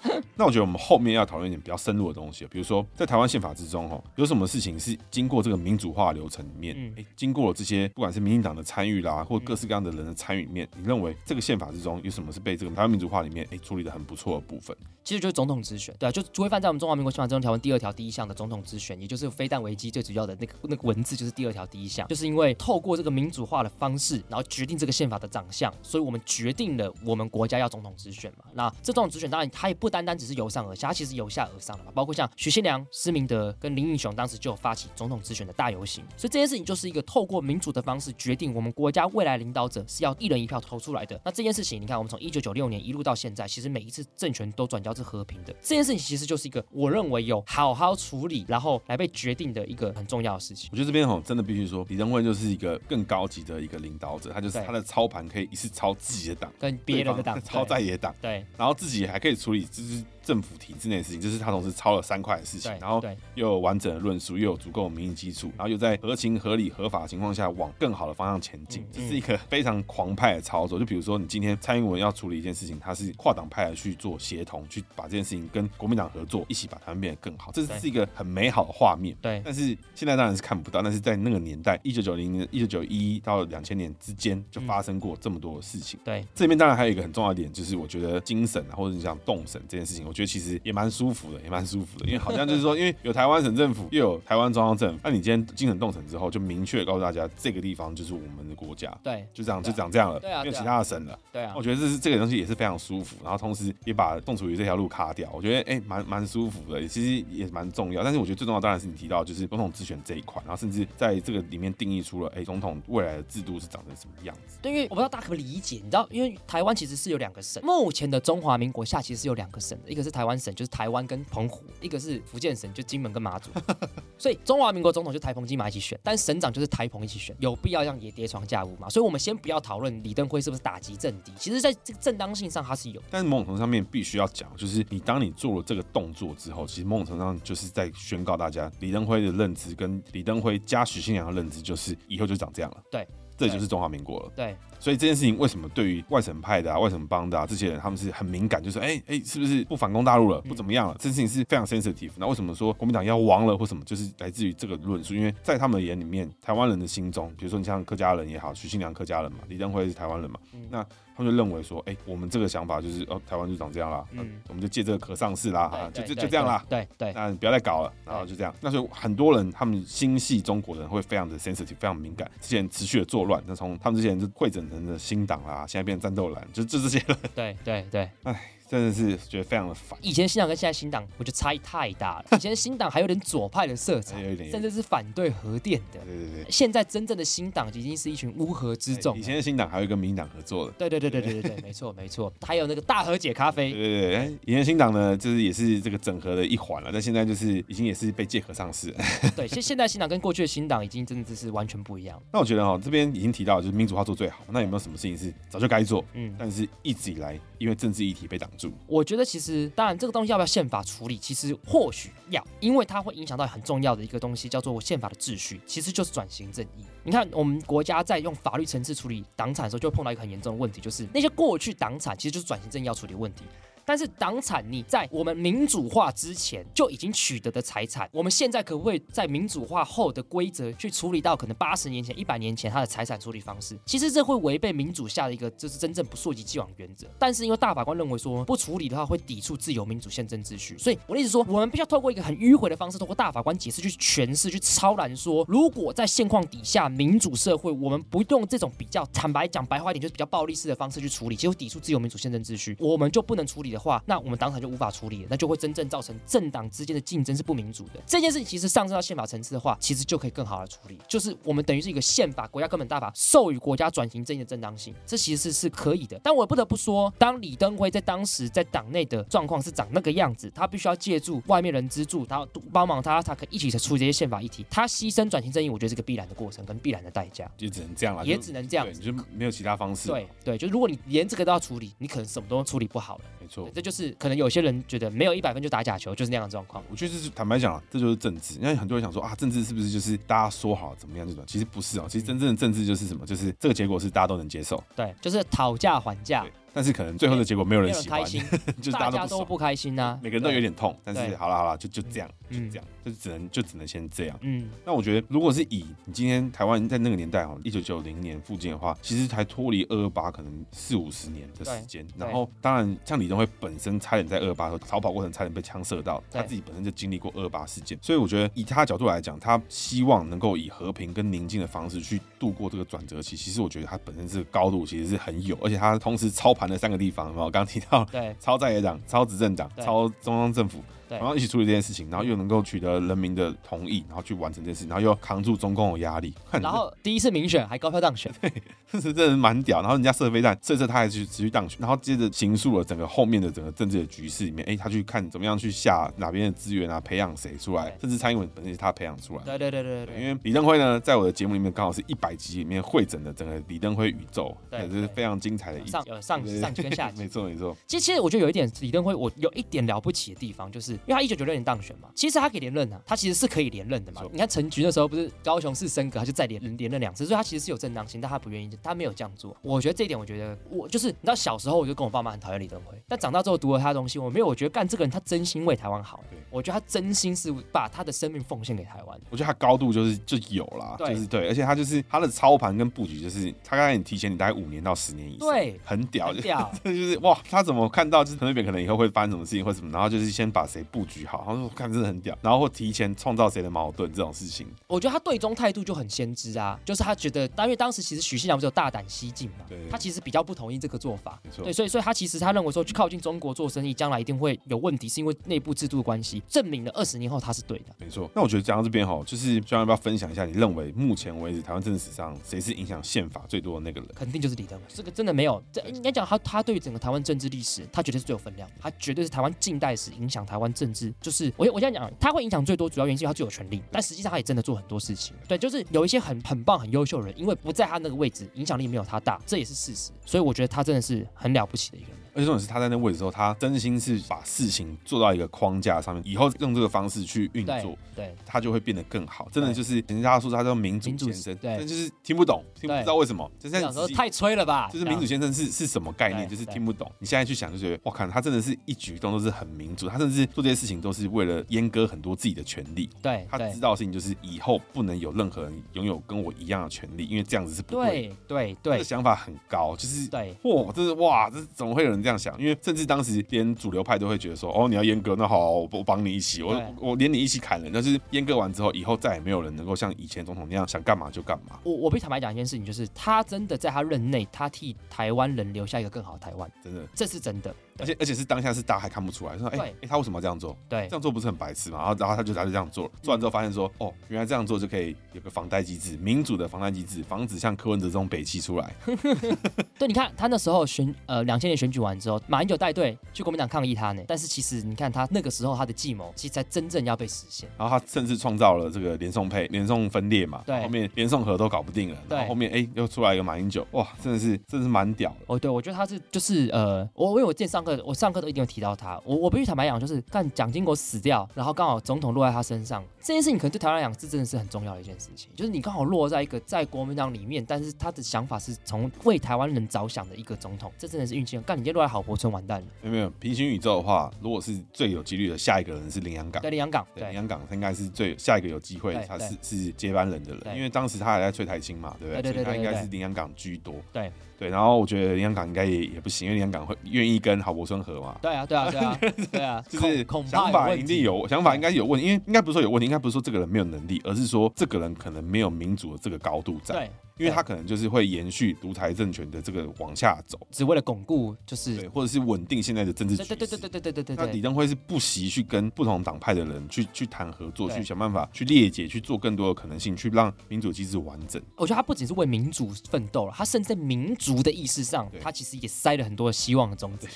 那我覺得我們後面要討論一點比較深入的東西，比如說在台灣憲法之中，哈，有什麼事情是經過這個民主化流程裡面，哎、嗯欸，經過了這些不管是民進黨的參與啦，或各式各樣的人的參與裡面，嗯、你認為這個憲法之中有什麼是被這個台灣民主化裡面哎、欸、處理的很不錯的部分？其實就是總統直選，對啊，就規範在我們中華民國憲法之中條文第二條第一項的總統直選，也就是飛彈危機最主要的那個那個文字，就是第二條第一項，就是因為透過這個民主化的方式，然後決定這個憲法的長相，所以我們決定了我們國家要總統直選嘛。那這種直選當然它也不單單只是由上而下，它其實由下而上的嘛。包括像許信良、施明德跟林義雄當時就有發起總統直選的大遊行，所以這件事情就是一個透過民主的方式決定我們國家未來領導者是要一人一票投出來的。那這件事情，你看我們從一九九六年一路到現在，其實每一次政權都轉交是和平的。這件事情其實就是一個我認為有好好處處理，然後來被決定的一個很重要的事情。我覺得這邊吼、哦，真的必須說，李登輝就是一個更高級的一個領導者。他就是他的操盤可以一次操自己的黨，跟別人的黨，方對操在野黨。對，然後自己還可以處理就是。政府體制內的事情，就是他同時抄了三塊的事情，對對，然後又有完整的論述，又有足夠的民意基礎，然後又在合情合理合法的情況下往更好的方向前進，嗯嗯、這是一個非常狂派的操作。就比如說，你今天蔡英文要處理一件事情，他是跨黨派的去做協同，去把這件事情跟國民黨合作，一起把它們變得更好，對這是是一個很美好的畫面。對，但是現在當然是看不到，但是在那個年代，一九九零年、一九九一到兩千年之間就發生過這麼多的事情。嗯、對，這裡面當然還有一個很重要的點，就是我覺得精神啊，或者你想動神這件事情。我覺得其實也蠻舒服的，也蠻舒服的，因為好像就是說， 因為有台灣省政府，又有台灣中央政府。那你今天精省凍省之後，就明確告訴大家，這個地方就是我們的國家。對，就長、啊、就長這樣了，沒有其他的省了。對啊，對啊對啊我覺得這是這個東西也是非常舒服，然後同時也把宋楚瑜這條路卡掉。我覺得哎，蠻、欸、蠻舒服的，也其實也蠻重要。但是我覺得最重要當然是你提到就是總統直選這一塊，然後甚至在這個裡面定義出了哎、欸，總統未來的制度是長成什麼樣子。對，因為我不知道大家可不理解，你知道，因為台灣其實是有兩個省，目前的中華民國下其實是有兩個省的，一個。是台灣省，就是台灣跟澎湖；一個是福建省，就是，金門跟馬祖。 所以中華民國總統就是台澎金馬一起選，但省長就是台澎一起選。有必要這樣疊床架屋嗎？所以我們先不要討論李登輝是不是打擊政敵，其實在這個正當性上他是有。但是某種程度上面必須要講，就是你當你做了這個動作之後，其實某種程度上就是在宣告大家，李登輝的認知跟李登輝加許信良的認知就是以後就長這樣了。對。這就是中華民國了，對。對，所以這件事情為什麼對於外省派的啊、外省幫的啊這些人，他們是很敏感，就是哎哎、欸欸，是不是不反攻大陸了，不怎麼樣了？嗯、這件事情是非常 sensitive。那為什麼說國民黨要亡了或什麼，就是來自於這個論述？因為在他們的眼裡面，台灣人的心中，比如說你像客家人也好，許信良客家人嘛，李登輝是台灣人嘛，嗯、那。就認為說，哎、欸，我們這個想法就是，哦，台灣就長這樣啦，嗯、啊，我們就借這個殼上市啦，對對對對啊、就就就這樣啦，對對，對，對、啊，那你不要再搞了，然後就這樣。那所以很多人，他們心繫中國人會非常的 sensitive，非常敏感，之前持續的作亂，那從他們之前就匯整成的新黨啦，現在變成戰鬥藍，就就這些了，對對對，唉。真的是覺得非常的煩。以前的新黨跟現在的新黨，我覺得差異太大了。以前的新黨還有點左派的色彩， 哎、甚至是反對核電的。對，對對對。現在真正的新黨已經是一群烏合之眾、哎。以前的新黨還會跟民進黨合作的。對對對對對對 沒錯沒錯，還有那個大和解咖啡。對對對，哎、欸，以前的新黨呢，就是也是這個整合的一環了，但現在就是已經也是被借殼上市了。 對，現現在新黨跟過去的新黨已經真的是是完全不一樣。那我覺得哈、喔，這邊已經提到就是民主化做最好，那有沒有什麼事情是早就該做？嗯，但是一直以來因為政治議題被擋。我覺得其實，當然這個東西要不要憲法處理，其實或許要，因為它會影響到很重要的一個東西，叫做憲法的秩序，其實就是轉型正義。你看，我們國家在用法律層次處理黨產的時候，就會碰到一個很嚴重的問題，就是那些過去黨產，其實就是轉型正義要處理的問題。但是黨產你在我們民主化之前就已經取得的財產，我們現在可不可以在民主化後的規則去處理到可能八十年前、一百年前他的財產處理方式？其實這會違背民主下的一個就是真正不溯及既往原則。但是因為大法官認為說不處理的話會抵觸自由民主憲政秩序，所以我的意思說，我們必須要透過一個很迂回的方式，透過大法官解釋去詮釋、去超然說，如果在現況底下民主社會，我們不用這種比較坦白講白話一點就是比較暴力式的方式去處理，結果抵觸自由民主憲政秩序，我們就不能處理的話，那我們黨產就無法處理，那就會真正造成政黨之間的競爭是不民主的。這件事情其實上升到憲法層次的話，其實就可以更好的處理。就是我們等於是一個憲法國家根本大法授予國家轉型正義的正當性，這其實是可以的。但我不得不說，當李登輝在當時在黨內的狀況是長那個樣子，他必須要借助外面人資助他幫忙他，他可以一起處理這些憲法議題。他犧牲轉型正義，我覺得是個必然的過程跟必然的代價。就只能這樣了，也只能這樣，就沒有其他方式對。對對，就如果你連這個都要處理，你可能什麼都處理不好了。對，這就是可能有些人覺得沒有一百分就打假球，就是那樣的狀況。我其實是坦白講了，這就是政治。因為很多人想說啊，政治是不是就是大家說好怎麼樣就怎麼樣，其實不是哦，其實真正的政治就是什麼？就是這個結果是大家都能接受。對，就是討價還價。對。但是可能最後的結果沒有人喜歡， 就大家，都大家都不開心啊，每個人都有點痛。對但是好了好了，就就這樣，就這樣，就只能就只能先這樣。嗯，那我覺得，如果是以你今天台灣在那個年代哦，一九九零年附近的話，其實才脫離二二八可能四五十年的時間。然後，當然像李登輝本身差點在二二八和逃跑過程差點被槍射到，對他自己本身就經歷過二二八事件，所以我覺得以他角度來講，他希望能夠以和平跟寧靜的方式去度過這個轉折期。其實我覺得他本身這個高度其實是很有，而且他同時超。談了三個地方，我剛剛提到，對，超在野黨、超執政黨、對超中央政府。對然後一起處理這件事情，然後又能夠取得人民的同意，然後去完成這件事情，然後又扛住中共的壓力。然後第一次民選還高票當選，對，這這人蠻屌。然後人家設飛彈這次他還是持續當選，然後接着形塑了整個後面的整個政治的局勢裡面。哎、欸，他去看怎麼樣去下哪邊的資源啊，培養誰出來，對甚至蔡英文本身是他培養出來。對對對對,對,對。因為李登輝呢，在我的節目裡面剛好是一百集裡面彙整了整個李登輝宇宙，對,對,對，這、就是非常精彩的一集上上上跟下呵呵，沒錯沒錯。其實其實我覺得有一點李登輝，我有一點了不起的地方就是。因為他一九九六年當選嘛，其實他可以連任啊，他其實是可以連任的嘛。う你看陳菊那時候不是高雄市升格，他就再連連任兩次，所以他其實是有正當性，但他不願意，他沒有這樣做。我覺得這一點，我覺得我就是你知道小時候我就跟我爸媽很討厭李登輝，但長大之後讀了他的東西，我沒有，我覺得幹這個人他真心為台灣好，對我覺得他真心是把他的生命奉獻給台灣。我覺得他高度就是就有啦，對就是對，而且他就是他的操盤跟布局，就是他剛才你提前你大概五年到十年以上對，很屌，很屌，就，呵呵就是哇，他怎麼看到就是那邊可能以後會發生什麼事情或什麼，然後就是先把誰。布局好，他說看真的很屌，然後會提前創造誰的矛盾這種事情，我覺得他對中態度就很先知啊，就是他覺得，但因為當時其實許信良不是有大膽西進嘛，對對對他其實比較不同意這個做法，沒錯對，所以所以他其實他認為說去靠近中國做生意，將來一定會有問題，是因為內部制度的關係，證明了二十年後他是對的，沒錯。那我覺得講到這邊哈，就是嘉良要不要分享一下，你認為目前為止台灣政治史上誰是影響憲法最多的那個人？肯定就是李登輝，這個真的沒有，這應該對講他他對於整個台灣政治歷史，他絕對是最有分量，他絕對是台灣近代史影響台灣。政治就是我我想講，他會影響最多主要原因是因他最有權力，但實際上他也真的做很多事情。對，就是有一些很很棒、很優秀的人，因為不在他那個位置，影響力沒有他大，這也是事實。所以我覺得他真的是很了不起的一個人。而且重點是，他在那位置時候，他真心是把事情做到一個框架上面，以後用這個方式去運作對，對，他就會變得更好。真的就是人家說，說他叫民主先生主，對，但就是聽不懂，聽不懂對，不知道為什麼。就是太吹了吧？就是民主先生是是什麼概念？就是聽不懂。你現在去想就覺得，哇，看他真的是一舉一動都是很民主，他甚至做這些事情都是為了閹割很多自己的權利。對，他知道的事情就是以後不能有任何人擁有跟我一樣的權利，因為這樣子是不對。對對，這想法很高，就是對，嚯，這，是哇，這，哇，這怎麼會有人？這樣想，因為甚至當時連主流派都會覺得說：“哦，你要閹割，那好，我我幫你一起，我對我，我連你一起砍人。就”但是閹割完之後，以後再也沒有人能夠像以前總統那樣想幹嘛就幹嘛。我我必須坦白講一件事情，就是他真的在他任內，他替台灣人留下一個更好的台灣，真的，這是真的。對 而且而且是當下是大家還看不出來，說哎哎、欸欸、他為什麼要這樣做？對，這樣做不是很白痴嗎？然後然後他就他就這樣做了，做完之後發現說哦，原來這樣做就可以有個防呆機制，民主的防呆機制，防止像柯文哲這種北七出來。 對，你看他那時候選呃兩千年選舉完之後，馬英九帶隊去國民黨抗議他呢。但是其實你看他那個時候他的計謀，其實才真正要被實現。然後他甚至創造了這個連宋配，連宋分裂嘛，對，後，後面連宋合都搞不定了。然後後面哎、欸、又出來一個馬英九，哇，真的是真的是蠻屌的。哦，對我覺得他是就是呃，我因為我之前上課。我上課都一定有提到他。我我必須坦白講，就是幹蔣經國死掉，然後剛好總統落在他身上，這件事情可能對台灣來講是真的是很重要的一件事情。就是你剛好落在一個在國民黨裡面，但是他的想法是從為台灣人着想的一個總統，這真的是運氣。幹，你就落在郝柏村完蛋了。沒有，平行宇宙的話，如果是最有幾率的下一個人是林洋港。對林洋港，對，對林洋港，他應該是最下一個有機會他是是接班人的人，對因為當時他還在催台青嘛，對不對？對，對，他應該是林洋港居多。對。對，然後我覺得林洋港應該也也不行，因為林洋港會願意跟郝柏村合嘛。對啊，對啊，對啊，對啊，對啊，就是想法一定有，有想法應該有，想法應該有問題，對。因為應該不是說有問題，應該不是說這個人沒有能力，而是說這個人可能沒有民主的這個高度在。對。因為他可能就是會延續獨裁政權的這個往下走，只為了鞏固，就是對，或者是穩定現在的政治局勢。對對對對對對對對。那李登輝是不惜去跟不同黨派的人去去談合作，去想辦法去裂解，去做更多的可能性，去讓民主機制完整。我覺得他不僅是為民主奮鬥了，他甚至在民族的意識上，他其實也塞了很多的希望的種子。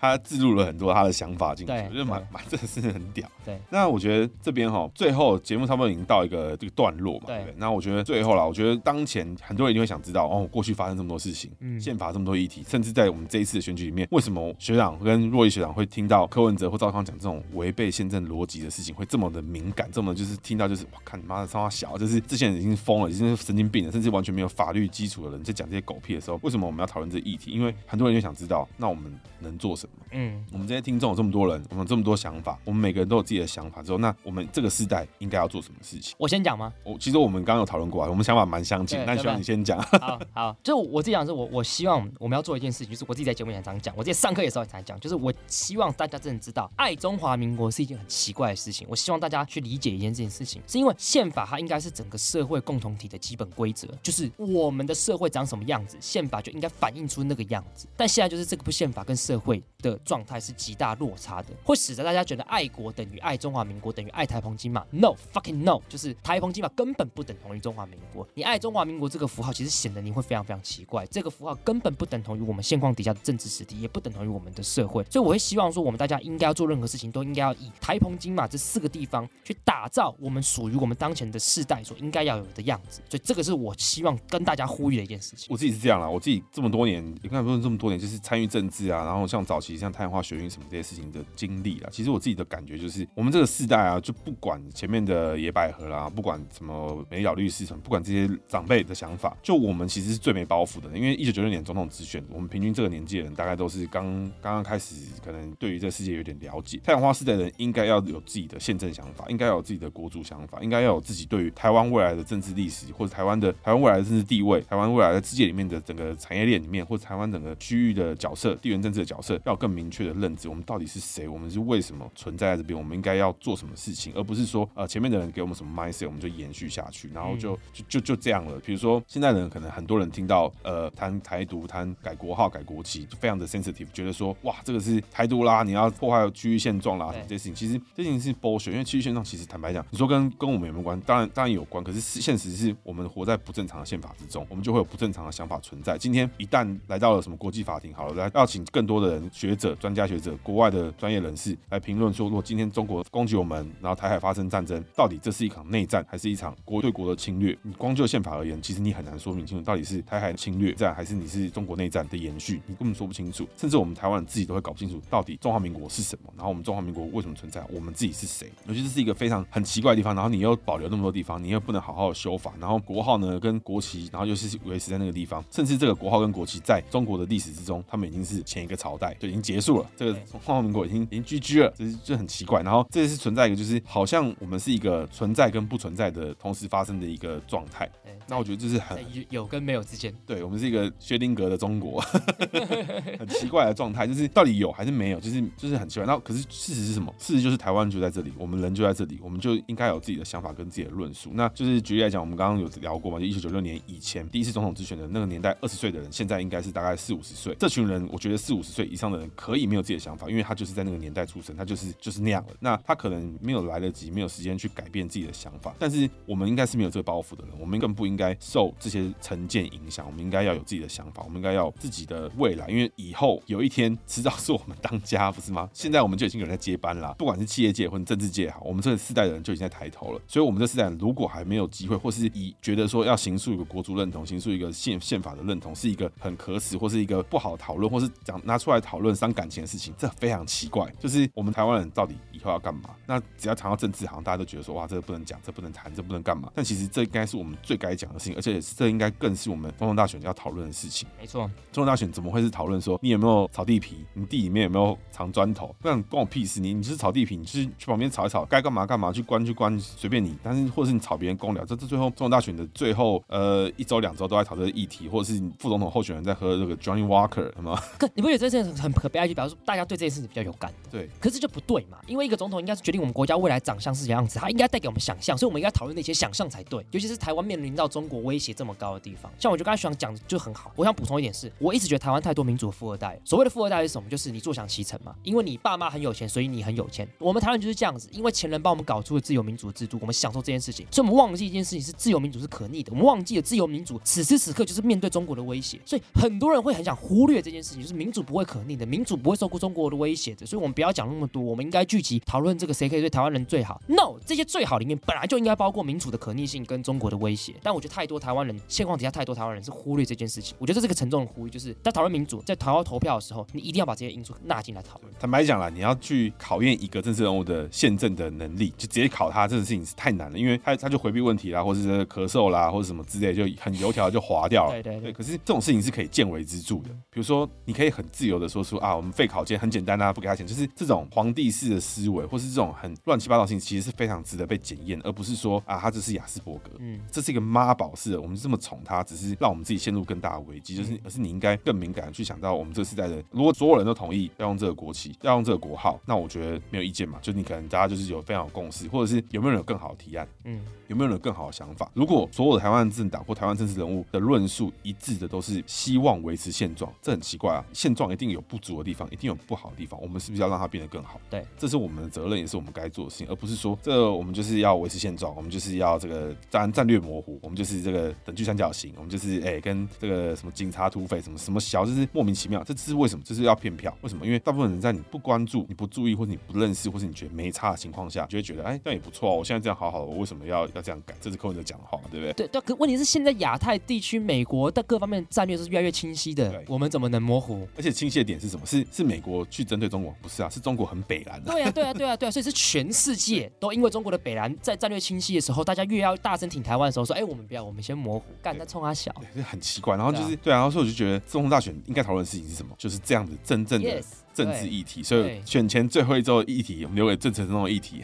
他注入了很多他的想法進去，我覺得蠻蠻真的是很屌。對，那我覺得這邊哈，最後節目差不多已經到一個這個段落嘛，對。那我覺得最後啦，我覺得當前。很多人就會想知道，哦，過去發生這麼多事情，憲、嗯、法這麼多議題，甚至在我們這一次的選舉裡面，為什麼學長跟珞亦學長會聽到柯文哲或趙康講這種違背憲政邏輯的事情，會這麼的敏感，這麼的就是聽到就是，哇看你媽的超小的，就是這些人已經瘋了，已經是神經病了，甚至完全沒有法律基礎的人在講這些狗屁的時候，為什麼我們要討論這議題？因為很多人就想知道，那我們能做什麼？嗯，我們這些聽眾有這麼多人，我們有這麼多想法，我們每個人都有自己的想法之後，那我們這個世代應該要做什麼事情？我先講嗎？我、哦、其實我們剛剛有討論過、啊，我們想法蠻相近。那希望你先講，好好，就我自己講是我我希望我們要做一件事情，就是我自己在節目裡面常講，我自己上課也常常講，就是我希望大家真的知道，愛中華民國是一件很奇怪的事情。我希望大家去理解一件這件事情，是因為憲法它應該是整個社會共同體的基本規則，就是我們的社會長什麼樣子，憲法就應該反映出那個樣子。但現在就是這部憲法跟社會的狀態是極大落差的，會使得大家覺得愛國等於愛中華民國等於愛台澎金馬，No, fucking no，就是台澎金馬根本不等同於中華民國，你愛中華民國。這個符號其實顯得您會非常非常奇怪。這個符號根本不等同於我們現況底下的政治實體，也不等同於我們的社會。所以我會希望說，我們大家應該要做任何事情，都應該要以台澎金馬這四個地方去打造我們屬於我們當前的世代所應該要有的樣子。所以這個是我希望跟大家呼籲的一件事情。我自己是這樣啦，我自己這麼多年，你看，不用這麼多年，就是參與政治啊，然後像早期像太陽花學運什麼這些事情的經歷啦，其實我自己的感覺就是，我們這個世代啊，就不管前面的野百合啦，不管什麼美麗島律師什麼，不管這些長輩的想法，就我們其實是最沒包袱的，因為一九九六年總統直選，我們平均這個年紀的人，大概都是剛剛剛開始，可能對於這個世界有點了解。太陽花世代的人應該要有自己的憲政想法，應該有自己的國族想法，應該要有自己對於台灣未來的政治歷史，或者台灣的台灣未來的政治地位，台灣未來的在世界裡面的整個產業鏈裡面，或是台灣整個區域的角色，地緣政治的角色，要有更明確的認知，我們到底是誰，我們是為什麼存在在這邊，我們應該要做什麼事情，而不是說，呃，前面的人給我們什麼 mindset，我們就延續下去，然後就、嗯、就就就這樣了。比如說。說現在人可能很多人聽到呃，談台獨，談改國號、改國旗，就非常的 sensitive，覺得說哇，這個是台獨啦，你要破壞區域現狀啦，對什麼這些事情，其實這件事情是剝削，因為區域現狀其實坦白講，你說跟跟我們有沒有關？當然當然有關，可是現實是我們活在不正常的憲法之中，我們就會有不正常的想法存在。今天一旦來到了什麼國際法庭，好了，來邀請更多的人、學者、專家學者、國外的專業人士來評論說，如果今天中國攻擊我們，然後台海發生戰爭，到底這是一場內戰還是一場國對國的侵略？你光就憲法而言，其實。其實你很難說明清楚，到底是台海侵略戰，還是你是中國內戰的延續？你根本說不清楚，甚至我們台灣自己都會搞不清楚，到底中華民國是什麼？然後我們中華民國為什麼存在？我們自己是誰？尤其這是一個非常很奇怪的地方。然後你又保留那麼多地方，你又不能好好的修法，然後國號呢跟國旗，然後又是維持在那個地方，甚至這個國號跟國旗在中國的歷史之中，他們已經是前一個朝代就已經結束了，這個中華民國已經已經 GG 了，就是就很奇怪。然後這是存在一個，就是好像我們是一個存在跟不存在的，同時發生的一個狀態。那我覺得。就是很有跟沒有之間，對，我們是一個薛丁格的中國， 很奇怪的狀態，就是到底有還是沒有，就是就是很奇怪。那可是事實是什麼？事實就是台灣就在這裡，我們人就在這裡，我們就應該有自己的想法跟自己的論述。那就是舉例來講，我們剛剛有聊過嘛，就一九九六年以前第一次總統直選的那個年代，二十歲的人現在應該是大概四五十歲。這群人，我覺得四五十歲以上的人可以沒有自己的想法，因為他就是在那個年代出生，他就是就是那樣了。那他可能沒有來得及，沒有時間去改變自己的想法。但是我們應該是沒有這個包袱的人，我們更不應該。受這些成見影響，我們應該要有自己的想法，我們應該要自己的未來，因為以後有一天，遲早是我們當家，不是嗎？現在我們就已經有人在接班了、啊，不管是企業界或政治界好，我們這四代的人就已經在抬頭了。所以，我們這世代人如果還沒有機會，或是以覺得說要形塑一個國族認同，形塑一個憲憲法的認同，是一個很可恥，或是一個不好討論，或是講拿出來討論傷感情的事情，這非常奇怪。就是我們台灣人到底以後要幹嘛？那只要談到政治行，好像大家都覺得說哇，這個、不能講，這個、不能談，這個、不能幹嘛？但其實這應該是我們最該講的事情，而。這也是，這應該更是我們總統大選要討論的事情。沒錯，總統大選怎麼會是討論說你有沒有炒地皮，你地裡面有沒有藏磚頭？那關我屁事！你你是炒地皮，你是去旁邊炒一炒，該幹嘛幹嘛，去關去關隨便你。但是，或者是你炒別人公了，這這最後總統大選的最後呃一週兩週都在討論這個議題，或者是你副總統候選人在喝這個 Johnny Walker、嗯、嗎？可你不覺得這件事很可悲？就表示說大家對這件事情比較有感。對，可是這就不對嘛，因為一個總統應該是決定我們國家未來長相是什麼樣子，他應該帶給我們想象，所以我們應該討論那些想象才對。尤其是台灣面臨到中國危威脅這麼高的地方，像我，就剛才學長講的就很好。我想補充一點是，我一直覺得台灣太多民主的富二代。所謂的富二代是什麼？就是你坐享其成嘛，因為你爸媽很有錢，所以你很有錢。我們台灣就是這樣子，因為前人幫我們搞出了自由民主的制度，我們享受這件事情，所以我們忘記一件事情是自由民主是可逆的。我們忘記了自由民主此時此刻就是面對中國的威脅，所以很多人會很想忽略這件事情，就是民主不會可逆的，民主不會受過中國的威脅的。所以我們不要講那麼多，我們應該聚集討論這個誰可以對台灣人最好。No，這些最好裡面本來就應該包括民主的可逆性跟中國的威脅，但我覺得太多。多台灣人現況底下，太多台灣人是忽略這件事情，我覺得這是一個沉重的呼籲，就是在討論民主，在台灣投票的時候，你一定要把這些因素納進來討論。坦白講啦，你要去考驗一個政治人物的憲政的能力，就直接考他這個事情是太難了，因為他他就回避問題啦，或者是咳嗽啦，或者什麼之類，就很油條就劃掉了。 對對對，對。可是這種事情是可以見微知著的，對比如說你可以很自由的說出啊，我們廢考監很簡單啊，不給他錢，就是這種皇帝式的思維，或是這種很亂七八糟的事情，其實是非常值得被檢驗，而不是說啊，他這是亞斯伯格，嗯，這是一個媽寶。是，我們是這麼寵他，只是讓我們自己陷入更大的危機。就是，而是你應該更敏感的去想到，我們這個世代的人，如果所有人都同意要用這個國旗，要用這個國號，那我覺得沒有意見嘛。就你可能大家就是有非常的共識，或者是有沒有人有更好的提案？嗯，有沒有人有更好的想法？如果所有的台灣政黨或台灣政治人物的論述一致的都是希望維持現狀，這很奇怪啊！現狀一定有不足的地方，一定有不好的地方，我們是不是要讓它變得更好？對，這是我們的責任，也是我們該做的事情，而不是說這我們就是要維持現狀，我們就是要這個戰戰略模糊，我們就是這個。個等距三角形，我們就是哎、欸，跟這個什麼警察、土匪什麼什麼小，就是莫名其妙。這是為什麼？這是要騙票，為什麼？因為大部分人，在你不關注、你不注意，或是你不認識，或是你覺得沒差的情況下，就會覺得哎，那、欸、也不錯哦。我現在這樣好好的，我為什麼要要這樣改？這是柯文哲講的話，對不對？對，但可問題是現在亞太地區、美國的各方面戰略是越來越清晰的，對我們怎麼能模糊？而且清晰的點是什麼？是是美國去針對中國？不是啊，是中國很北藍。對啊，對啊，對啊，對啊，所以是全世界都因為中國的北藍，在戰略清晰的時候，大家越要大聲挺台灣的時候，說哎、欸，我們不要我們。先模糊。幹再衝他笑，這很奇怪。然後就是，對啊，對然後所以我就覺得總統大選應該討論的事情是什麼？就是這樣子真正的。Yes. 對政治議題，所以選前最後一周的議題，我們對留給政策中的議題。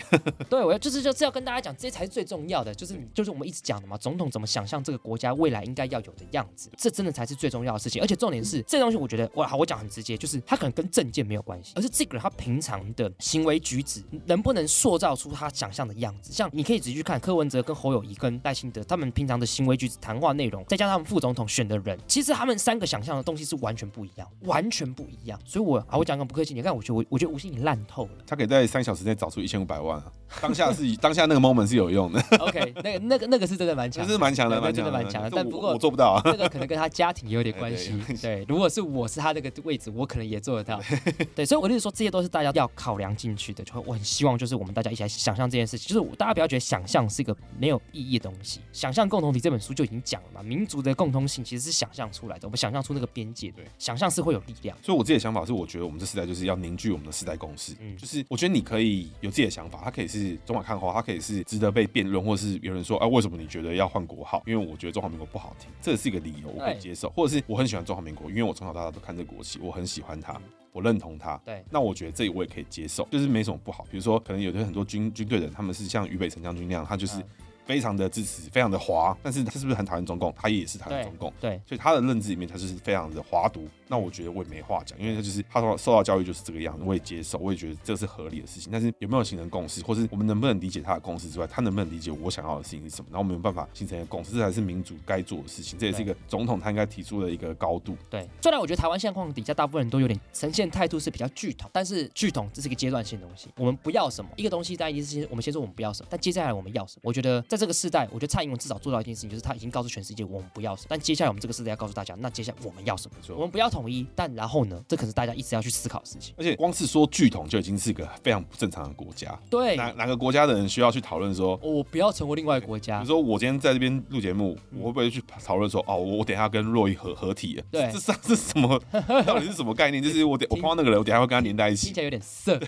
對。 我就是就是要跟大家講，這才是最重要的，就是對就是我們一直講的嘛，總統怎麼想象這個國家未來應該要有的樣子，這真的才是最重要的事情。而且重點是，這東西我覺得，我好，我講很直接，就是他可能跟政見沒有關係，而是這個人他平常的行為舉止能不能塑造出他想象的樣子。像你可以仔細去看柯文哲、跟侯友宜、跟賴清德他們平常的行為舉止、談話內容，再加上他們副總統選的人，其實他們三個想象的東西是完全不一樣，完全不一樣。所以我，我好、嗯，我講。不客氣，你看，我覺我我覺得吳昕已經爛透了。他可以在三小時內找出一千五百萬啊！當下是當下那個 moment 是有用的。OK，那那個那個是真的蠻強，是蠻強的，蠻強的蠻強的。但不過我做不到啊，這個可能跟他家庭也有點關係。對，如果是我是他這個位置，我可能也做得到。對，所以我就說這些都是大家要考量進去的。就我很希望就是我們大家一起來想象這件事情，就是大家不要覺得想象是一個沒有意義的東西。想象共同體這本書就已經講了嘛，民族的共通性其實是想象出來的，我們想象出那個邊界。對，想象是會有力量。所以我自己的想法是，我覺得我們是。時代就是要凝聚我們的時代共識，嗯，就是我覺得你可以有自己的想法，它可以是中華看花，它可以是值得被辯論，或者是有人說，哎、啊，為什麼你覺得要換國號？因為我覺得中華民國不好聽，這是一個理由我可以接受，對或者是我很喜歡中華民國，因為我從小到大都看這個國旗，我很喜歡它，我認同它，對，那我覺得這我也可以接受，就是沒什麼不好。比如說，可能有些很多軍軍隊的人，他們是像於北辰將軍那樣，他就是。嗯非常的支持，非常的華。但是他是不是很討厭中共？他也是討厭中共，對，對所以他的認知裡面，他就是非常的華獨。那我覺得我也沒話講，因為他就是他受到教育就是這個樣子，我也接受，我也覺得這是合理的事情。但是有沒有形成共識，或是我們能不能理解他的共識之外，他能不能理解我想要的事情是什麼？然後我們有辦法形成共識，這才是民主該做的事情，這也是一個總統他應該提出的一個高度對。對，雖然我覺得台灣現況底下大部分人都有點呈現態度是比較巨統，但是巨統這是一個階段性的東西。我們不要什麼一個東西，大家一定是先我們先說我們不要什麼，但接下來我們要什麼？我覺得在。這個世代，我覺得蔡英文至少做到一件事情，就是他已經告訴全世界，我們不要什麼。但接下來，我們這個世代要告訴大家，那接下來我們要什麼？我們不要統一，但然後呢？這可是大家一直要去思考的事情。而且，光是說拒統就已經是一個非常不正常的國家。對，哪哪個國家的人需要去討論說，我不要成為另外一個國家？比如說我今天在這邊錄節目，嗯、我會不會去討論說，哦，我我等一下跟珞亦合合體了。對，這是是什麼？到底是什麼概念？就是我等聽我碰到那個人，我等一下會跟他連在一起，聽起來有點澀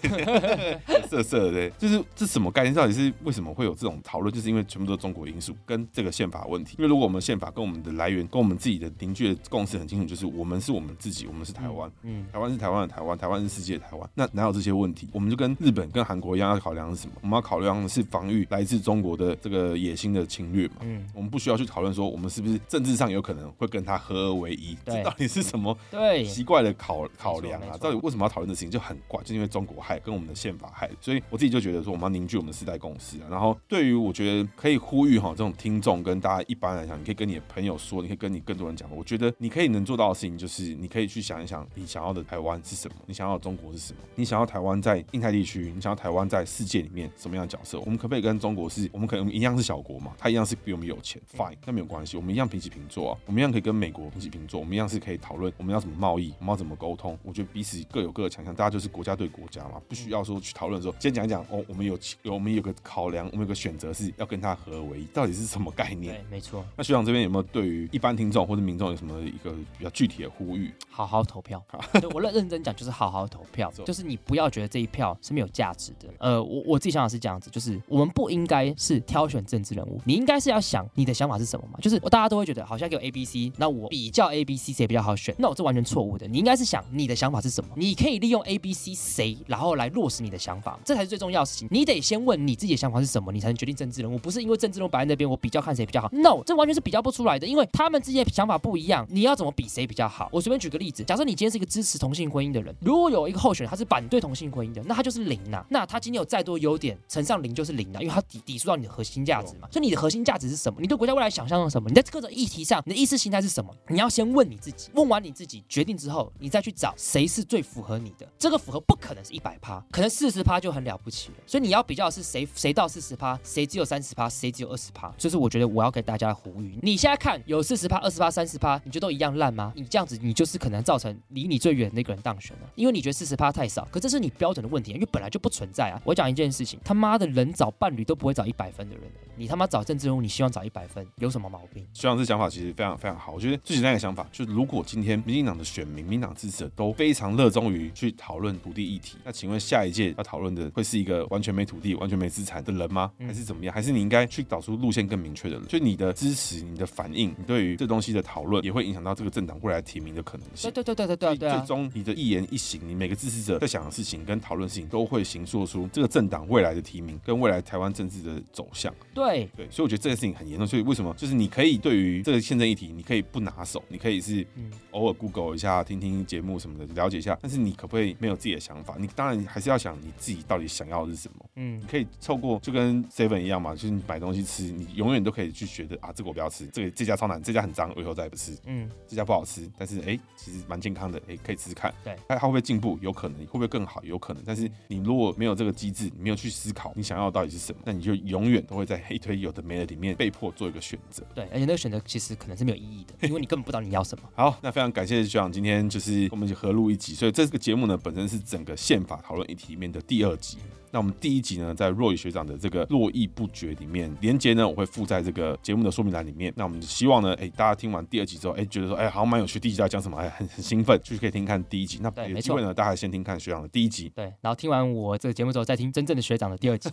澀澀的對。就是這什麼概念？到底是為什麼會有這種討論？就是因為全。很多中國因素跟這個憲法問題，因為如果我們憲法跟我們的來源跟我們自己的凝聚的共識很清楚，就是我們是我們自己，我們是台灣、嗯，嗯，台灣是台灣的台灣，台灣是世界的台灣，那哪有這些問題？我們就跟日本跟韓國一樣，要考量是什麼？我們要考量的是防禦來自中國的這個野心的侵略嘛？嗯，我們不需要去討論說我們是不是政治上有可能會跟他合而為一，對這到底是什麼？對，奇怪的考對考量啊，錯到底為什麼要討論的事情就很怪，就是、因為中國害跟我們的憲法害。所以我自己就覺得說我們要凝聚我們的世代共識、啊，然後對於我覺得。可以呼籲哈，這種聽眾跟大家一般來講，你可以跟你的朋友說，你可以跟你更多人講。我覺得你可以能做到的事情就是，你可以去想一想，你想要的台灣是什麼？你想要的中國是什麼？你想要台灣在印太地區？你想要台灣在世界裡面什麼樣的角色？我們可不可以跟中國是？我們可以一樣是小國嘛？他一樣是比我們有錢，fine，那沒有關係，我們一樣平起平坐啊，我們一樣可以跟美國平起平坐，我們一樣是可以討論我們要怎麼貿易，我們要怎麼溝通。我覺得彼此各有各的強項，大家就是國家對國家嘛，不需要說去討論說，先講一講哦，我們有我們有個考量，我們有個選擇是要跟他。何為？到底是什麼概念？對，沒錯。那學長這邊有沒有對於一般聽眾或者民眾有什麼一個比較具體的呼籲？好好投票啊！我認認真講，就是好好投票， 就是你不要覺得這一票是沒有價值的。呃，我我自己想法是這樣子，就是我們不應該是挑選政治人物，你應該是要想你的想法是什麼嘛？就是我大家都會覺得，好像有 A、B、C，那我比較 A、B、C 誰比較好選？那、no, 我這完全錯誤的。你應該是想你的想法是什麼？你可以利用 A、B、C 誰然後來落實你的想法，這才是最重要的事情。你得先問你自己的想法是什麼，你才能決定政治人物，不是？因為政治路擺在那邊，我比較看誰比較好。No，這完全是比較不出來的，因為他們之間的想法不一樣。你要怎麼比誰比較好？我隨便舉個例子，假設你今天是一個支持同性婚姻的人，如果有一個候選人他是反對同性婚姻的，那他就是零吶、啊。那他今天有再多優點，乘上零就是零吶、啊，因為他抵抵觸到你的核心價值嘛。哦、所以你的核心價值是什麼？你對國家未來想象了什麼？你在各種議題上，你的意識形態是什麼？你要先問你自己，問完你自己決定之後，你再去找誰是最符合你的。這個符合不可能是一百趴，可能四十趴就很了不起了。所以你要比較的是誰誰到四十趴，誰只有三十趴。誰只有二十趴？就是我覺得我要給大家的呼籲，你現在看有四十趴、二十趴、三十趴，你就都一樣爛嗎？你這樣子，你就是可能造成離你最遠那個人當選了，因為你覺得四十趴太少，可這是你標準的問題啊，因為本來就不存在啊。我講一件事情，他媽的人找伴侶都不會找一百分的人，你他媽找政治人物，你希望找一百分，有什麼毛病？學長，這想法其實非常非常好，我覺得最簡單的想法就是，如果今天民進黨的選民、民黨支持者都非常熱衷於去討論土地議題，那請問下一屆要討論的會是一個完全沒土地、完全沒資產的人嗎？還是怎麼樣？還是你應該？去找出路線更明確的人，所以你的支持、你的反應、你對於這東西的討論，也會影響到這個政黨未來提名的可能性。對對對對對對，最終你的一言一行，你每個支持者在想的事情跟討論事情，都會形塑出這個政黨未來的提名跟未來台灣政治的走向。對對，所以我覺得這件事情很嚴重。所以為什麼？就是你可以對於這個憲政議題，你可以不拿手，你可以是偶爾 Google 一下、聽聽節目什麼的了解一下，但是你可不可以沒有自己的想法？你當然你還是要想你自己到底想要的是什麼。嗯，你可以透過就跟 Seven 一樣嘛，就是。你。買東西吃，你永遠都可以去覺得啊，這個我不要吃，這個這家超難，這家很髒，以後再也不吃。嗯，這家不好吃，但是哎、欸，其實蠻健康的，哎、欸，可以試試看。對，它會不會進步？有可能。會不會更好？有可能。但是你如果沒有這個機制，你沒有去思考你想要到底是什麼，那你就永遠都會在黑推有的沒的裡面被迫做一個選擇。對，而且那個選擇其實可能是沒有意義的，因為你根本不知道你要什麼。 好，那非常感謝學長，今天就是跟我們就合錄一集，所以這個節目呢，本身是整個憲法討論議題裡面的第二集。那我們第一集呢，在珞亦學長的這個珞亦不絕裡面，連結呢我會附在這個節目的說明欄裡面。那我們希望呢，哎，大家聽完第二集之後，哎，覺得說，哎，好像蠻有趣，第一集在講什麼，哎，很很興奮，就是可以聽看第一集。對 那有機會呢，沒錯 大家先聽看學長的第一集。對，然後聽完我這個節目之後，再聽真正的學長的第二集。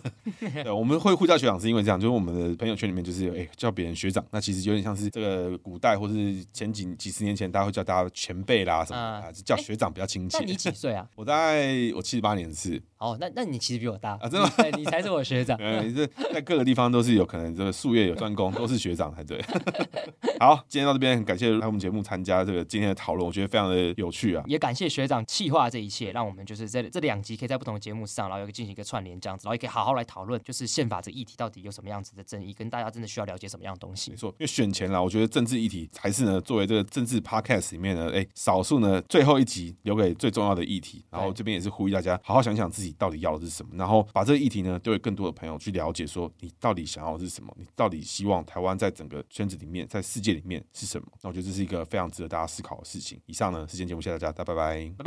對，我, 我們會呼叫學長是因為這樣，就是我們的朋友圈裡面就是哎、欸、叫別人學長，那其實有點像是這個古代或是前幾幾十年前，大家會叫大家前輩啦什麼、呃、啊，叫學長比較親切。欸、你幾歲啊？ 我在，我七十八年次。哦，那那你其實比我大啊，真的嗎？你，你才是我學長、 嗯。你是在各個地方都是有可能，這個術業有專攻，都是學長才對。 好，今天到這邊，很感謝來我們節目參加這個今天的討論，我覺得非常的有趣啊。也感謝學長企劃這一切，讓我們就是這這兩集可以在不同的節目上，然後又進行一個串聯，這樣子，然後也可以好好來討論，就是憲法這議題到底有什麼樣子的爭議，跟大家真的需要了解什麼樣的東西。沒錯，因為選前了，我覺得政治議題才是呢，作為這個政治 podcast 裡面呢，哎，少數呢，最後一集留給最重要的議題，然後這邊也是呼籲大家好好想想自己，你到底要的是什麼？然後把這個議題呢，丟給更多的朋友去了解，說你到底想要的是什麼？你到底希望台灣在整個圈子裡面，在世界裡面是什麼？那我覺得這是一個非常值得大家思考的事情。以上呢，時間節目，謝謝大家，大家拜拜，拜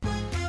拜。